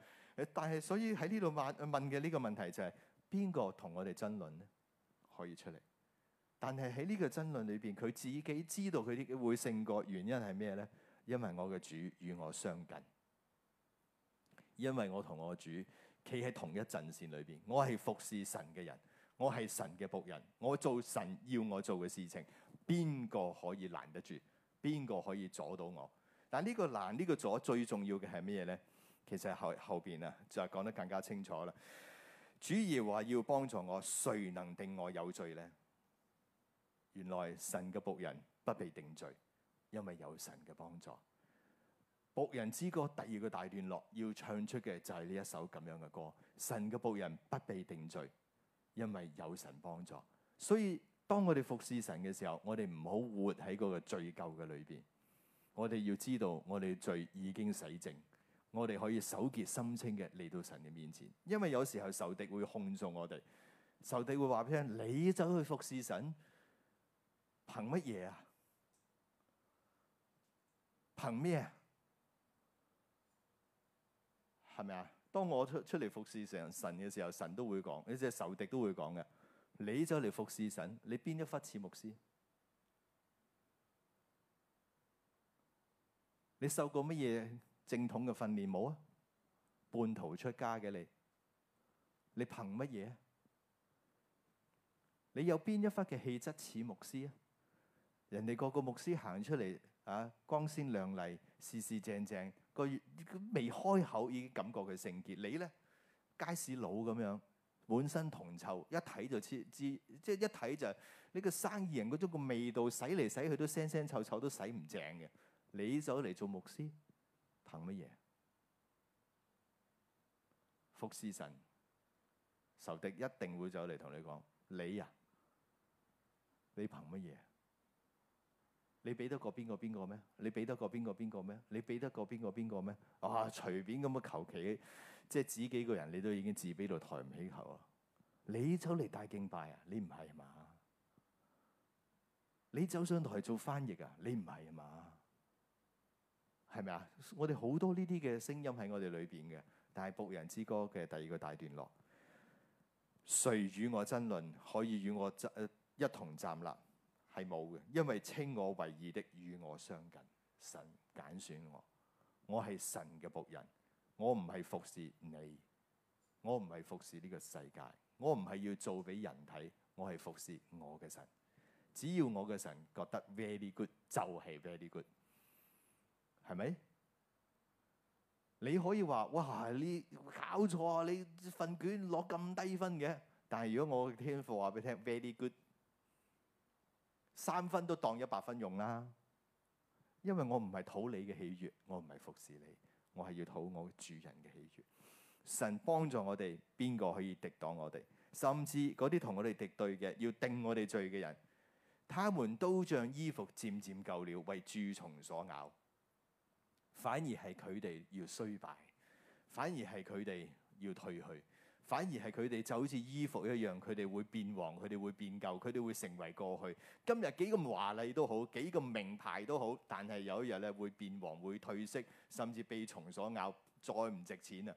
但係所以喺呢度問嘅呢個問題就係邊個同我哋爭論呢？可以出嚟。但係喺呢個爭論裏邊，佢自己知道佢啲會勝過原因係咩呢？因為我嘅主與我相近，因為我同我主企喺同一陣線裏邊。我係服侍神嘅人，我係神嘅僕人，我做神要我做嘅事情。邊個可以攔得住？邊個可以阻到我？但呢個攔呢個阻最重要嘅係咩呢？其實後後邊啊就係講得更加清楚啦。主要話要幫助我，誰能定我有罪呢？原來神嘅僕人不被定罪，因為有神嘅幫助。僕人之歌第二個大段落要唱出嘅就係呢一首咁樣嘅歌：神嘅僕人不被定罪，因為有神幫助。所以。當我哋服侍神嘅時候，我哋唔好活喺嗰個罪疚嘅裏邊。我哋要知道，我哋罪已經洗淨，我哋可以手潔心清嘅嚟到神嘅面前。因為有時候仇敵會控訴我哋，仇敵會話：聽，你走去服侍神，憑乜嘢啊？憑咩啊？係咪啊？當我出出嚟服侍神神嘅時候，神都會講，亦即係仇敵都會講嘅。你就嚟服侍神，你邊一忽似牧師？你受過乜嘢正統嘅訓練冇啊？半途出家嘅你，你憑乜嘢？你有邊一忽嘅氣質似牧師啊？人哋個個牧師行出嚟啊，光鮮亮麗、事事正正，個未開口已經感覺佢聖潔。你咧街市佬咁樣。本身銅臭，一睇就知，即係一睇就呢個生意人嗰種個味道，洗嚟洗去都腥腥臭臭，都洗唔淨嘅。你走嚟做牧師，憑乜嘢？服侍神，仇敵一定會走嚟同你講：你啊，你憑乜嘢？你俾得過邊個邊個咩？你俾得過邊個邊個咩？你俾得過邊個邊個咩？啊，隨便咁啊，求其。即係指幾個人，你都已經自卑到抬唔起頭咯。你走嚟帶敬拜啊？你唔係嘛？你走上台做翻譯啊？你唔係嘛？係咪啊？我哋好多呢啲嘅聲音喺我哋裏邊嘅。但係僕人之歌嘅第二個大段落，誰與我爭論，可以與我一同站立？係冇嘅，因為稱我為義的與我相近。神揀選我，我係神嘅僕人。我唔係服侍你，我唔係服侍呢個世界，我唔係要做俾人睇，我係服侍我嘅神。只要我嘅神覺得 very good，就係 very good，係咪？你可以話哇你搞錯啊，你份卷攞咁低分嘅，但係如果我嘅天父話俾你聽 very good，三分都當一百分用啦，因為我唔係討你嘅喜悅，我唔係服侍你。我係要討我主人嘅喜悅，神幫助我哋，邊個可以敵擋我哋？甚至嗰啲同我哋敵對嘅，要定我哋罪嘅人，他們都像衣服漸漸舊了，為蛀蟲所咬。反而係佢哋要衰敗，反而係佢哋要退去。反而係佢哋就好似衣服一樣，佢哋會變黃，佢哋會變舊，佢哋會成為過去。今日幾咁華麗都好，幾咁名牌都好，但係有一日咧會變黃，會褪色，甚至被蟲所咬，再唔值錢啦。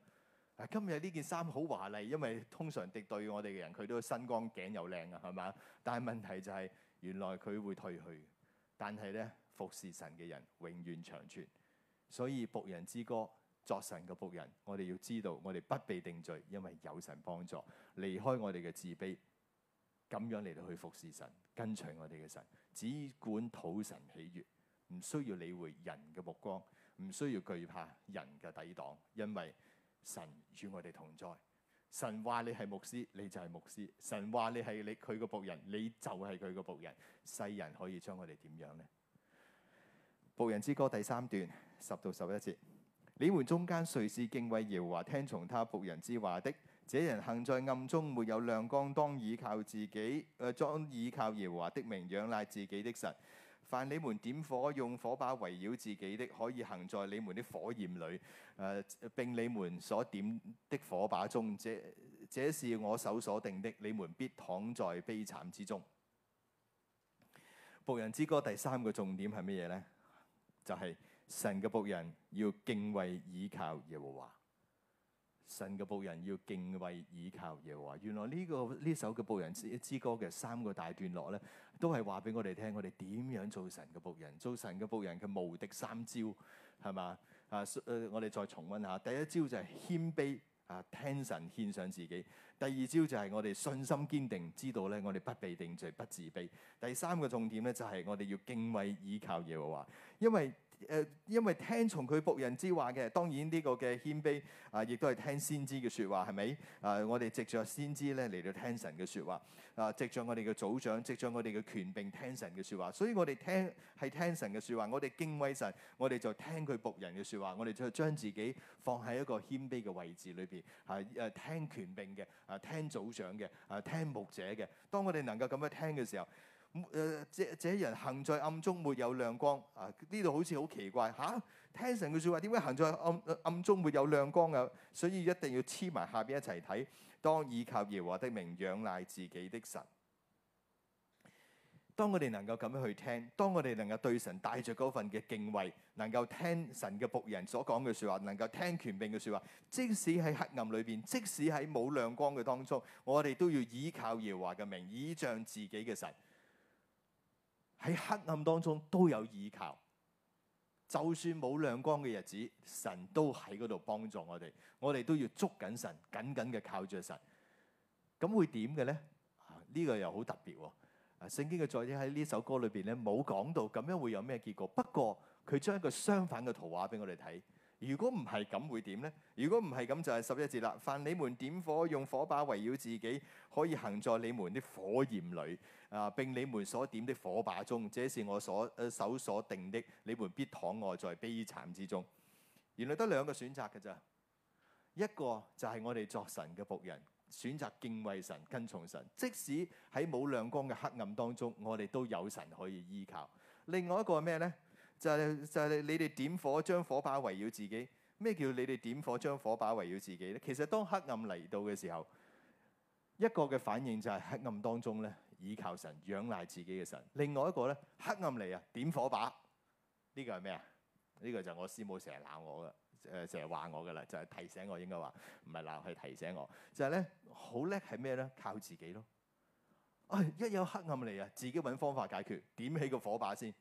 今日呢件衫好華麗，因為通常敵對我哋嘅人，佢都身光頸又靚啊，係咪？但係問題就係，原來佢會退去。但係呢，服侍神嘅人永遠長存，所以僕人之歌。作神嘅僕人，我哋要知道，我哋不被定罪，因為有神幫助。離開我哋嘅自卑，咁樣嚟到去服侍神，跟隨我哋嘅神，只管討神喜悦，唔需要理會人嘅目光，唔需要懼怕人嘅抵擋，因為神與我哋同在。神話你係牧師，你就係牧師；神話你係你佢嘅僕人，你就係佢嘅僕人。世人可以將我哋點樣呢？僕人之歌第三段十到十一節。你們中間誰是敬畏耶和華、聽從他僕人之話的，這人行在暗中，沒有亮光，當倚靠自己，誒、呃，當倚靠耶和華的名，仰賴自己的神。凡你們點火，用火把圍繞自己的，可以行在你們的火焰裏，誒、呃，並你們所點的火把中。這這是我手所定的，你們必躺在悲慘之中。僕人之歌第三個重點係乜嘢呢？就係、是。神嘅僕人要敬畏倚靠耶和華。神嘅僕人要敬畏倚靠耶和華。原來呢個呢首嘅僕人之歌嘅三個大段落咧，都係話俾我哋聽，我哋點樣做神嘅僕人？做神嘅僕人嘅無敵三招係嘛啊？誒，我哋再重温下。第一招就係謙卑啊，聽神獻上自己。第二招就係我哋信心堅定，知道咧我哋不被定罪、不自卑。第三個重點咧就係我哋要敬畏倚靠耶和華，因為。誒，因為聽從佢僕人之話嘅，當然呢個嘅謙卑啊，亦都係聽先知嘅説話，係咪？啊、呃，我哋藉着先知咧嚟到聽神嘅説話，啊，藉着我哋嘅組長，藉著我哋嘅權柄聽神嘅説話，所以我哋聽係聽神嘅説話，我哋敬畏神，我哋就聽佢僕人嘅説話，我哋就將自己放喺一個謙卑嘅位置裏邊，啊誒聽權柄嘅，啊聽組長嘅，啊聽牧者嘅。當我哋能夠咁樣聽嘅時候，誒，這這人行在暗中沒有亮光啊！呢度好似好奇怪嚇。聽神嘅説話，點解行在暗暗中沒有亮光嘅，啊？所以一定要黐埋下邊一齊睇。當倚靠耶和華的名，仰賴自己的神。當我哋能夠咁樣去聽，當我哋能夠對神帶着嗰份嘅敬畏，能夠聽神嘅僕人所講嘅説話，能夠聽權柄嘅説話，即使喺黑暗裏邊，即使喺冇亮光嘅當中，我哋都要倚靠耶和華嘅名，倚仗自己嘅神。喺黑暗當中都有依靠，就算冇亮光嘅日子，神都喺嗰度幫助我哋。我哋都要捉緊神，緊緊嘅靠著神。咁會點嘅呢？呢個又好特別喎。聖經嘅作者喺呢首歌裏邊咧冇講到咁樣會有咩結果，不過佢將一個相反嘅圖畫俾我哋睇。如果唔係咁會點呢？如果唔係咁就係十一節啦。凡你們點火，用火把圍繞自己，可以行在你們的火焰裏啊，並你們所點的火把中，這是我所、呃、手所定的。你們必躺臥在悲慘之中。原來得兩個選擇㗎咋？一個就係我哋作神嘅僕人，選擇敬畏神、跟從神，即使喺冇亮光嘅黑暗當中，我哋都有神可以依靠。另外一個係咩呢？就係，就係你哋點火將火把圍繞自己。咩叫你哋點火將火把圍繞自己咧？其實當黑暗嚟到嘅時候，一個嘅反應就係黑暗當中咧倚靠神、仰賴自己嘅神。另外一個咧，黑暗嚟啊，點火把。呢個係咩啊？呢個就我師母成日鬧我㗎，誒成日話我㗎喇，就係、是、提醒我應該話唔係鬧，係提醒我。就係咧好叻係咩咧？靠自己咯。啊、哎！一有黑暗嚟啊，自己揾方法解決，點起個火把先。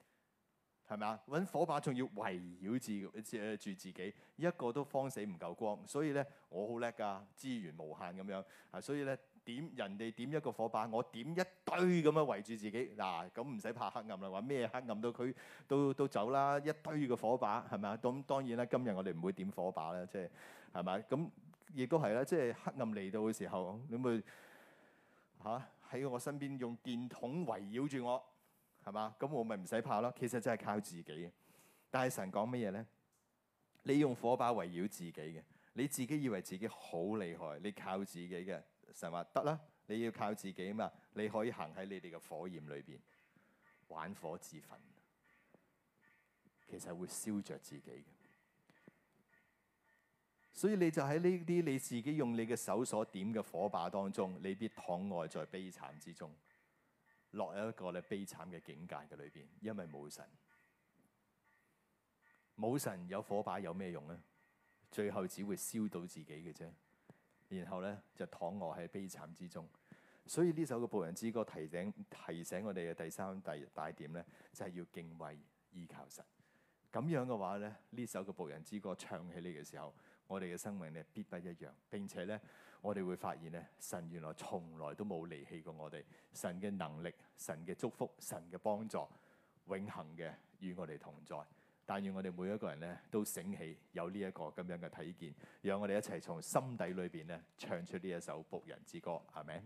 係咪啊？揾火把仲要圍繞住住自己，一個都慌死唔夠光。所以咧，我好叻㗎，資源無限咁樣、啊。所以咧，點人哋點一個火把，我點一堆咁樣圍住自己。嗱、啊，咁唔使怕黑暗啦。話咩黑暗到佢都都，都走啦？一堆嘅火把係咪啊？咁、嗯、當然啦，今日我哋唔會點火把啦，即係係咪？咁亦都係啦，即、就、係、是、黑暗嚟到嘅時候，咁佢吓，喺、啊、我身邊用電筒圍繞住我。係嘛？咁我咪唔使怕咯。其實真係靠自己嘅。但神講乜嘢呢？你用火把圍繞自己嘅，你自己以為自己好厲害，你靠自己嘅神話得啦。你要靠自己嘛，你可以行喺你哋嘅火焰裏邊玩火自焚，其實會燒着自己嘅。所以你就喺呢啲你自己用你嘅手所點嘅火把當中，你必躺臥在悲慘之中。落喺一個咧悲慘嘅境界嘅裏邊，因為冇神，冇神有火把有咩用呢？最後只會燒到自己嘅啫，然後咧就躺卧喺悲慘之中。所以呢首嘅僕人之歌提醒提醒我哋嘅第三大，大點咧，就係、是、要敬畏依靠神。咁樣嘅話咧，呢首嘅僕人之歌唱起嚟嘅時候，我哋嘅生命咧必不一樣，並且咧。我哋會發現咧，神原來從來都冇離棄過我哋。神嘅能力、神嘅祝福、神嘅幫助，永恆嘅與我哋同在。但願我哋每一個人咧都醒起有呢、這、一個咁樣嘅睇見，讓我哋一齊從心底裏邊咧唱出呢一首僕人之歌。阿門。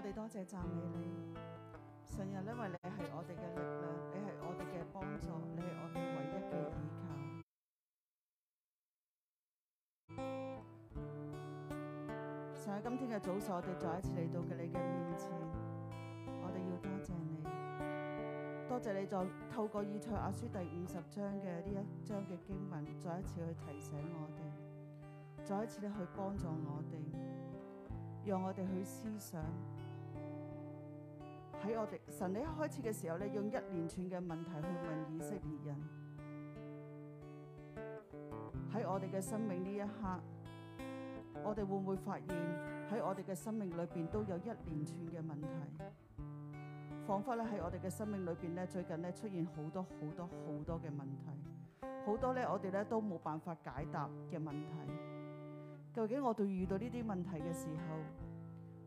我哋多謝讚美你，成日因為你係我哋嘅力量，你係我哋嘅幫助，你係我哋唯一嘅依靠。喺今天嘅早上，我哋再一次嚟到嘅你嘅面前，我哋要多謝你，多謝你再透過以賽亞書第五十章嘅呢一章嘅經文，再一次去提醒我哋，再一次咧去幫助我哋，讓我哋去思想。喺我哋神喺一開始嘅時候咧，用一連串嘅問題去問以色列人。喺我哋嘅生命呢一刻，我哋會唔會發現喺我哋嘅生命裏邊都有一連串嘅問題，彷彿咧喺我哋嘅生命裏邊咧，最近咧出現好多好多好多嘅問題，好多咧我哋咧都冇辦法解答嘅問題。究竟我哋遇到呢啲問題嘅時候，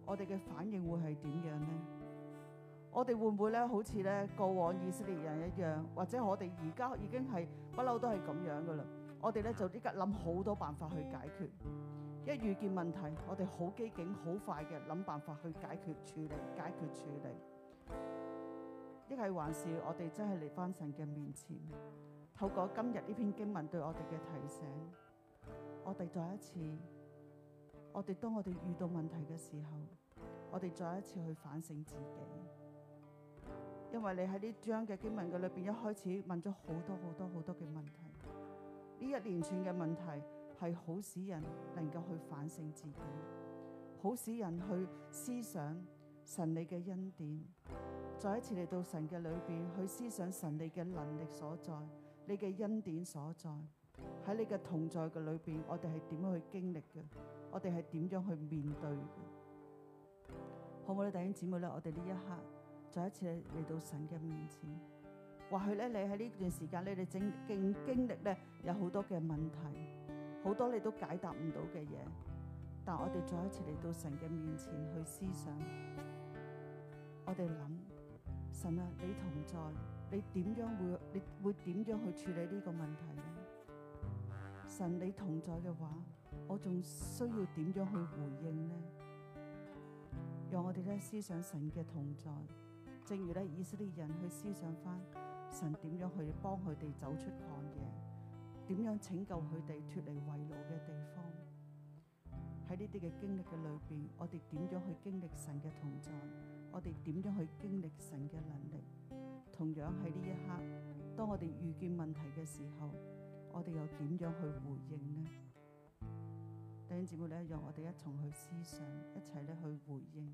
我哋嘅反應會係點樣呢？我哋會唔會咧？好似咧，過往以色列人一樣，或者我哋而家已經係不嬲都係咁樣噶啦。我哋咧就即刻諗好多辦法去解決。一遇見問題，我哋好機警、好快嘅諗辦法去解決，解決、處理、解決、處理。一係還是我哋真係嚟返神嘅面前，透過今日呢篇經文對我哋嘅提醒，我哋再一次，我哋當我哋遇到問題嘅時候，我哋再一次去反省自己。因為你喺呢章嘅經文嘅裏邊，一開始問咗好多好多好多嘅問題，呢一連串嘅問題係好使人能夠去反省自己，好使人去思想神你嘅恩典，再一次嚟到神嘅裏邊去思想神你嘅能力所在，你嘅恩典所在，在，喺你嘅同在嘅裏邊，我哋係點樣去經歷嘅，我哋係點樣去面對嘅，好唔好咧？弟兄姊妹咧，我哋呢一刻。再一次嚟到神嘅面前，或許咧你喺呢段時間咧，你正經經歷咧有好多嘅問題，好多你都解答唔到嘅嘢。但我哋再一次嚟到神嘅面前去思想，我哋諗神啊，你同在，你點樣會？你會點樣去處理呢個問題咧？神你同在嘅話，我仲需要點樣去回應咧？讓我哋咧思想神嘅同在。正如呢，以色列人去思想返神點樣去幫佢哋走出曠野，點樣拯救佢哋脫離危險嘅地方。喺呢啲嘅經歷嘅裏邊，我哋點樣去經歷神嘅同在？我哋點樣去經歷神嘅能力？同樣喺呢一刻，當我哋遇見問題嘅時候，我哋又點樣去回應呢？弟兄姊妹，我哋一我哋一齊去思想，一齊去回應。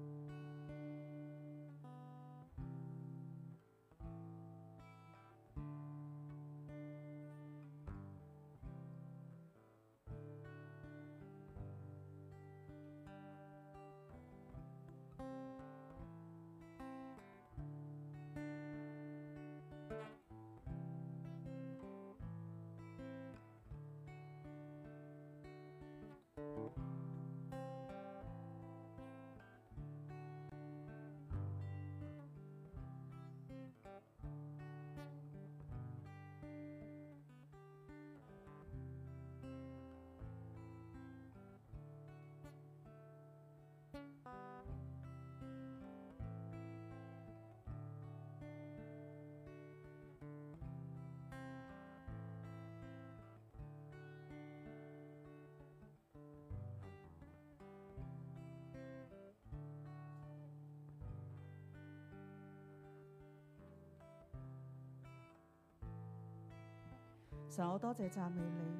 神，我多謝讚美你。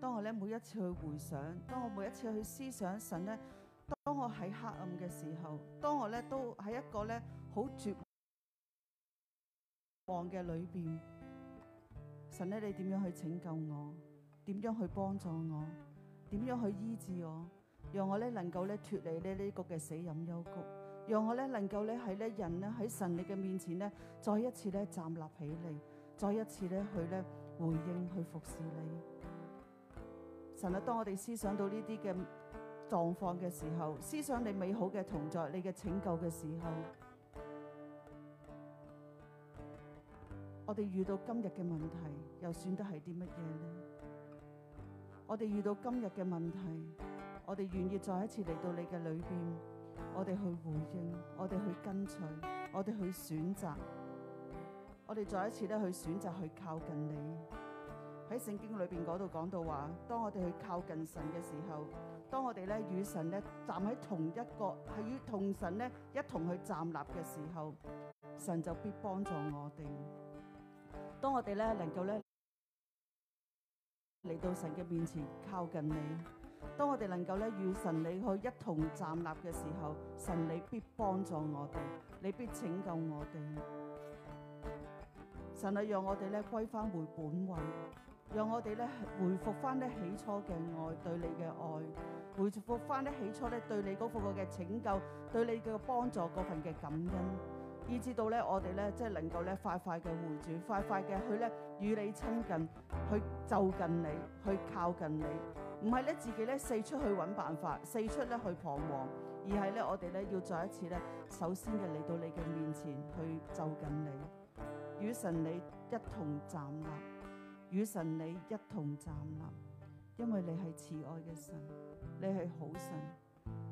當我咧每一次去回想，當我每一次去思想神咧，當我喺黑暗嘅時候，當我咧都喺一個咧好絕望嘅裏邊，神咧，你點樣去拯救我？點樣去幫助我？點樣去醫治我？讓我咧能夠咧脱離咧呢個嘅死蔭幽谷，讓我咧能夠咧喺咧人咧喺神你嘅面前咧，再一次咧站立起嚟，再一次咧去咧。去回應去服侍你，神啊！當我哋思想到呢啲嘅狀況嘅時候，思想你美好嘅同在，你嘅拯救嘅時候，我哋遇到今日嘅問題，又算得係啲乜嘢呢？我哋遇到今日嘅問題，我哋願意再一次嚟到你嘅裏邊，我哋去回應，我哋去跟隨，我哋去選擇。我哋再一次咧去選擇去靠近你，喺聖經裏邊嗰度講到話，當我哋去靠近神嘅時候，當我哋咧與神咧站喺同一個，係與同神咧一同去站立嘅時候，神就必幫助我哋。當我哋咧能夠咧嚟到神嘅面前靠近你，當我哋能夠咧與神你去一同站立嘅時候，神你必幫助我哋，你必拯救我哋。神啊，讓我哋咧歸翻回本位，讓我哋咧回復翻咧起初嘅愛對你嘅愛，回復翻咧起初咧對你嗰個嘅拯救，對你嘅幫助嗰份嘅感恩，以至到咧我哋咧即係能夠咧快快嘅回轉，快快嘅去咧與你親近，去就近你，去靠近你，唔係咧自己咧四出去揾辦法，四出咧去彷徨，而係咧我哋咧要再一次咧首先嘅嚟到你嘅面前去就近你。與神你一同站立，與神你一同站立，因為你係慈愛嘅神，你係好神，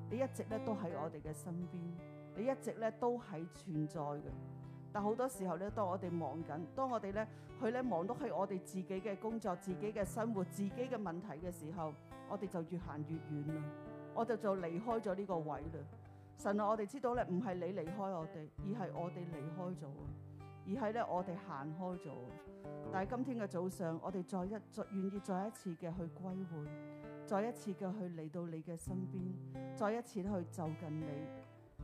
你一直咧都喺我哋嘅身邊，你一直咧都係存在嘅。但好多時候咧，當我哋忙緊，當我哋咧去咧忙碌喺我哋自己嘅工作、自己嘅生活、自己嘅問題嘅時候，我哋就越行越遠啦，我哋就，就離開咗呢個位啦。神啊，我哋知道咧，唔係你離開我哋，而係我哋離開咗。而喺咧，我哋行開咗，但係今天嘅早上，我哋再一再願意再，再一次嘅去歸回，再一次嘅去嚟到你嘅身邊，再一次去就近你，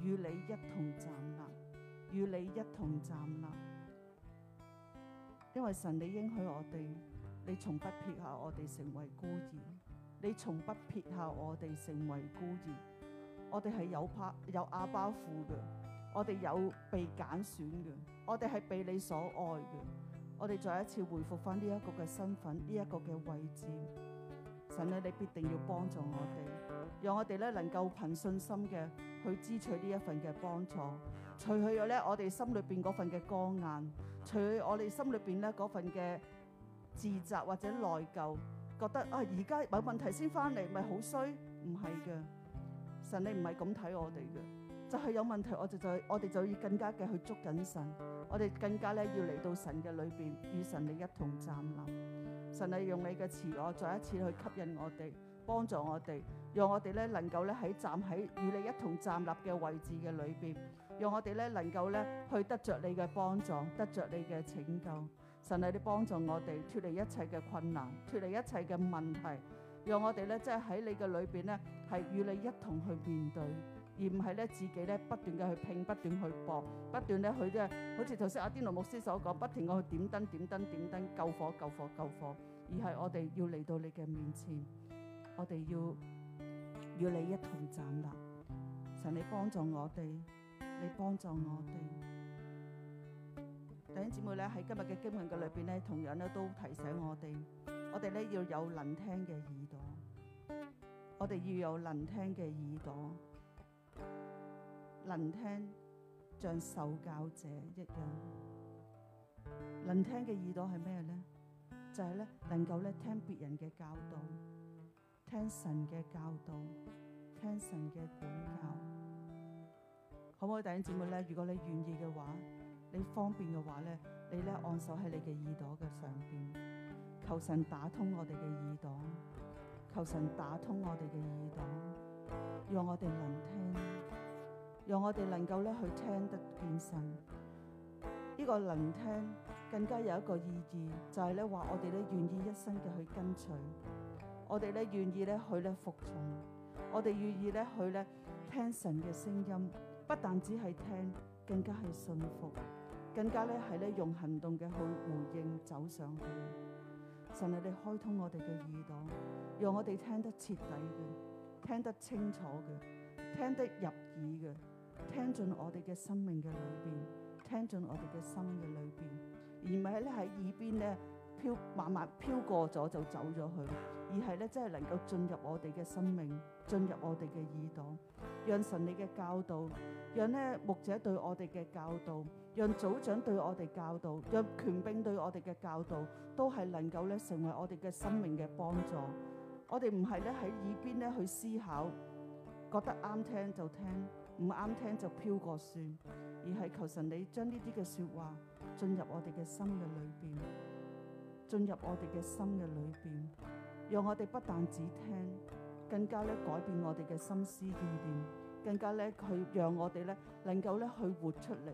與你一同站立，與你一同站立。因為神，你應許我哋，你從不撇下我哋成為孤兒，你從不撇下我哋成為孤兒。我哋係有帕有阿爸父嘅。我哋有被揀選嘅，我哋係被你所愛嘅，我哋再一次回復翻呢一個嘅身份，呢一個嘅位置。神啊，你必定要幫助我哋，讓我哋咧能夠憑信心嘅去支取呢一份嘅幫助，除去咗咧我哋心裏邊嗰份嘅光暗，除去我哋心裏邊咧嗰份嘅自責或者內疚，覺得啊而家有問題先翻嚟，咪好衰？唔係嘅，神你唔係咁睇我哋嘅。就係有問題，我哋就我哋就要更加嘅去捉緊神，我哋更加咧要嚟到神嘅裏邊，與神你一同站立。神你用你嘅慈愛再一次去吸引我哋，幫助我哋，讓我哋咧能夠咧喺站喺與你一同站立嘅位置嘅裏邊，讓我哋咧能夠咧去得着你嘅幫助，得着你嘅拯救。神你，你幫助我哋脫離一切嘅困難，脫離一切嘅問題，讓我哋咧即係喺你嘅裏邊咧，係與你一同去面對。而唔係咧，自己咧不斷嘅去拼，不斷去搏，不斷咧，佢咧好似頭先阿丁路牧師所講，不停我去點燈、點燈、點燈，救火、救火、救火。而係我哋要嚟到你嘅面前，我哋要要你一同站立。神幫，你幫助我哋，你幫助我哋。弟兄姊妹咧喺今日嘅經文嘅裏邊咧，同樣咧都提醒我哋，我哋咧要有能聽嘅耳朵，我哋要有能聽嘅耳朵。能聽像受教者一樣，能聽嘅耳朵係咩呢？就係呢能夠呢聽別人嘅教導，聽神嘅教導，聽神嘅管教。可唔可以，弟兄姊妹呢？如果你願意嘅話，你方便嘅話呢，你呢按手喺你嘅耳朵嘅上邊，求神打通我哋嘅耳朵，求神打通我哋嘅耳朵。讓我哋能聽，讓我哋能夠咧去聽得見神。呢、這個能聽更加有一個意義，就係咧話我哋咧願意一生嘅去跟隨，我哋咧願意咧去咧服從，我哋願意咧去咧聽神嘅聲音，不但只係聽，更加係信服，更加咧係咧用行動嘅去回應，走上去。神嚟，你開通我哋嘅耳朵，讓我哋聽得徹底嘅。聽得清楚嘅，聽得入耳嘅，聽進我哋嘅生命嘅裏邊，聽進我哋嘅心嘅裏邊，而唔係咧喺耳邊咧飄，慢慢飄過咗就走咗去，而係咧真係能夠進入我哋嘅生命，進入我哋嘅耳朵，讓神你嘅教導，讓咧牧者對我哋嘅教導，讓組長對我哋教導，讓權兵對我哋嘅教導，都係能夠咧成為我哋嘅生命嘅幫助。我哋唔係咧喺耳邊咧去思考，覺得啱聽就聽，唔啱聽就飄過算，而係求神你將呢啲嘅説話進入我哋嘅心嘅裏邊，進入我哋嘅心嘅裏邊，讓我哋不但止聽，更加咧改變我哋嘅心思意念，更加咧佢讓我哋咧能夠咧去活出嚟，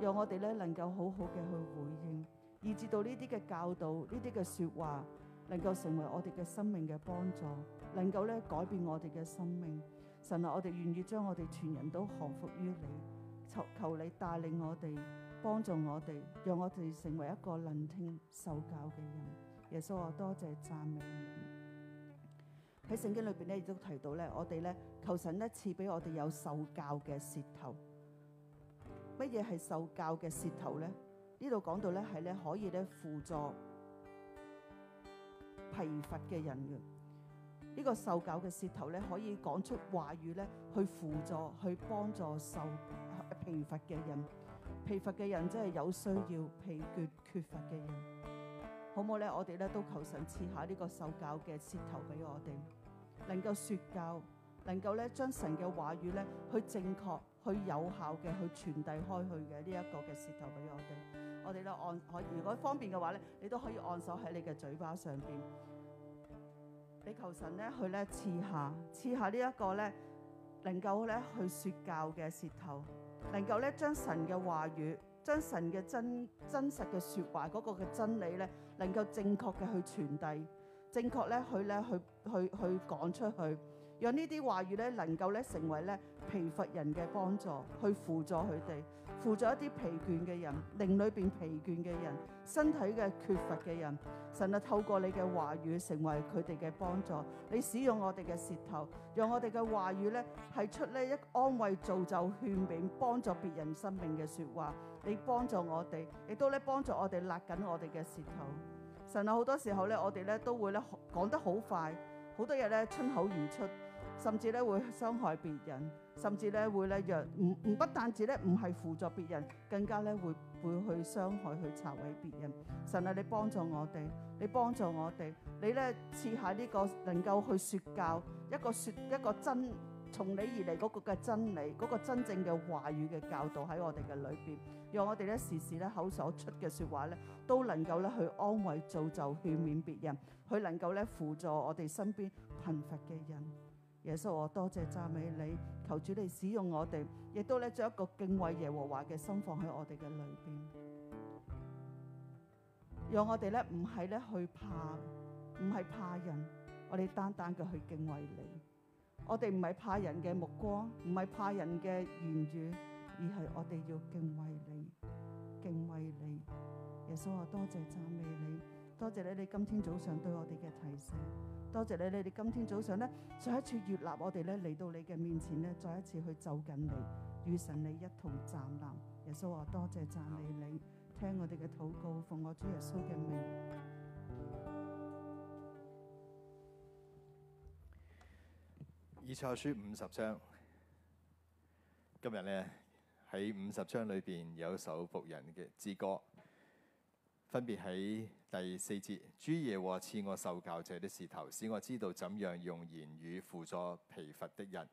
讓我哋咧能夠好好嘅去回應，以致到呢啲嘅教導，呢啲嘅説話。能夠成為我哋嘅生命嘅幫助，能夠咧改變我哋嘅生命。神啊，我哋願意將我哋全人都降服於你，求求你帶領我哋，幫助我哋，讓我哋成為一個聆聽受教嘅人。耶穌啊，多謝讚美。喺聖經裏邊咧亦都提到咧，我哋咧求神咧賜俾我哋有受教嘅舌頭。乜嘢係受教嘅舌頭咧？呢度講到咧係咧可以咧輔助。.疲乏嘅人嘅，呢個受教嘅舌頭咧，可以講出話語咧，去輔助去幫助受疲乏嘅人，疲乏嘅人即係有需要疲倦缺，缺乏嘅人，好唔好咧？我哋咧都求神賜下呢個受教嘅舌頭俾我哋，能夠說教，能夠咧將神嘅話語咧去正確。去有效嘅去傳遞開去嘅呢一個嘅舌頭俾我哋，我哋都按，可如果方便嘅話咧，你都可以按手喺你嘅嘴巴上邊，你求神咧去咧賜下，賜下呢一個咧能夠咧去說教嘅舌頭，能夠咧將神嘅話語，將神嘅真真實嘅說話嗰個嘅真理咧，能夠正確嘅去傳遞，正確咧去咧去去去講出去。讓呢啲話語咧，能夠咧成為咧疲乏人嘅幫助，去輔助佢哋，輔助一啲疲倦嘅人，令裏邊疲倦嘅人、身體嘅缺乏嘅人，神啊，透過你嘅話語成為佢哋嘅幫助。你使用我哋嘅舌頭，讓我哋嘅話語咧係出呢一安慰、造就、勸勉、幫助別人生命嘅說話。你幫助我哋，亦都咧幫助我哋勒緊我哋嘅舌頭。神啊，好多時候咧，我哋咧都會咧講得好快，好多嘢咧出口而出。甚至咧會傷害別人，甚至咧會咧若唔唔，不單止咧唔係輔助別人，更加咧會會去傷害去拆毀別人。神啊，你幫助我哋，你幫助我哋，你咧賜下呢個能夠去説教一個説一個真從你而嚟嗰個嘅真理，嗰個真正嘅話語嘅教導喺我哋嘅裏邊，讓我哋咧時時咧口所出嘅説話咧都能夠咧去安慰、造就、勸勉別人，佢能夠咧輔助我哋身邊貧乏嘅人。耶穌，我多謝讚美你，求主你使用我哋，亦都咧將一個敬畏耶和華嘅心放喺我哋嘅裏邊，讓我哋咧唔係咧去怕，唔係怕人，我哋單單嘅去敬畏你。我哋唔係怕人嘅目光，唔係怕人嘅言語，而係我哋要敬畏你，敬畏你。耶穌，我多謝讚美你。多謝你，你今天早上對我哋嘅提醒。多謝你，你今天早上咧，再一次悅納我哋咧嚟到你嘅面前咧，再一次去就近你，與神你一同站立。耶穌話：多謝讚美你，聽我哋嘅禱告，奉我主耶穌嘅名。」以賽亞書五十章，今日咧喺五十章裏邊有首僕人嘅詩歌。分別喺第四節，主耶和華賜我受教者的舌頭，使我知道怎樣用言語輔助疲乏的人。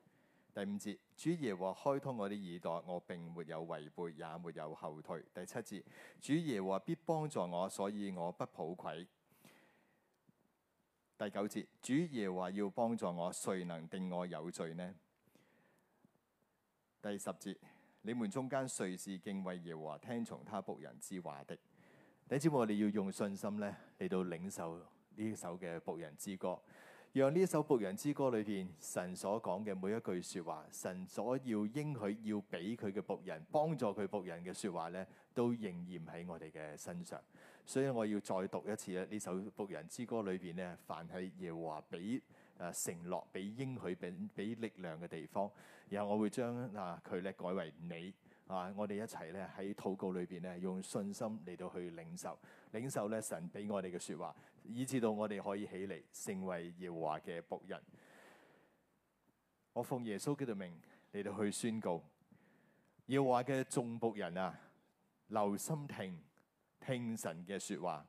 第五節，主耶和華開通我啲耳朵，我並沒有違背，也沒有後退。第七節，主耶和華必幫助我，所以我不抱愧。第九節，主耶和華要幫助我，誰能定我有罪呢？第十節，你們中間誰是敬畏耶和華、聽從他僕人之話的？你知唔知我哋要用信心咧嚟到領受呢首嘅僕人之歌，讓呢首僕人之歌裏邊神所講嘅每一句説話，神所要應許要俾佢嘅僕人、幫助佢僕人嘅説話咧，都應驗喺我哋嘅身上。所以我要再讀一次咧，呢首僕人之歌裏邊咧，凡係耶和華俾誒承諾、俾應許、俾俾力量嘅地方，然後我會將啊佢咧改為你。啊！我哋一齊咧喺禱告裏邊咧，用信心嚟到去領受，領受咧神俾我哋嘅説話，以至到我哋可以起嚟，成為耶和華嘅僕人。我奉耶穌基督名嚟到去宣告：耶和華嘅眾僕人啊，留心聽聽神嘅説話。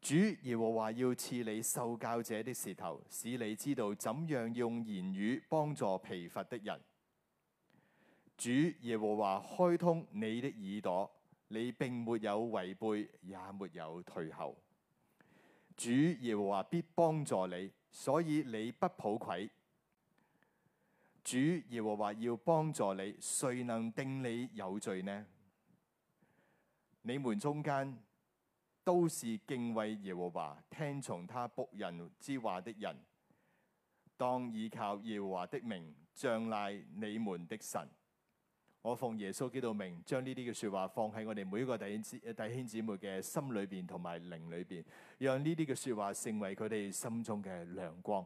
主耶和華要賜你受教者的舌頭，使你知道怎樣用言語幫助疲乏的人。主耶和華開通你的耳朵，你並沒有違背，也沒有退後。主耶和華必幫助你，所以你不抱愧。主耶和華要幫助你，誰能定你有罪呢？你們中間都是敬畏耶和華、聽從他僕人之話的人，當倚靠耶和華的名，仗賴你們的神。我奉耶穌基督名，將呢啲嘅說話放喺我哋每一個弟兄、弟兄姊妹嘅心裏邊同埋靈裏邊，讓呢啲嘅說話成為佢哋心中嘅亮光，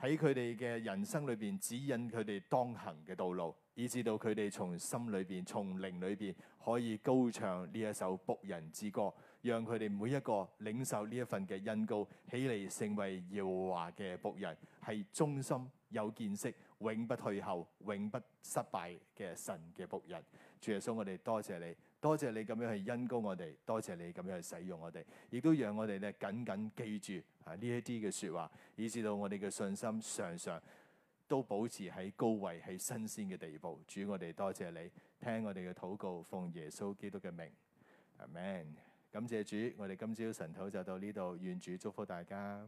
喺佢哋嘅人生裏邊指引佢哋當行嘅道路，以至到佢哋從心裏邊、從靈裏邊可以高唱呢一首僕人之歌，讓佢哋每一個領受呢一份嘅恩膏，起嚟成為耶和華嘅僕人，係忠心有見識，永不退後、永不失敗嘅神嘅僕人，主耶穌，我哋多謝你，多謝你咁樣去恩膏我哋，多謝你咁樣去使用我哋，亦都讓我哋咧緊緊記住啊呢一啲嘅説話，以至到我哋嘅信心常常都保持喺高位、喺新鮮嘅地步。主，我哋多謝你，聽我哋嘅禱告，奉耶穌基督嘅名，Amen。感謝主，我哋今朝神台就到呢度，願主祝福大家。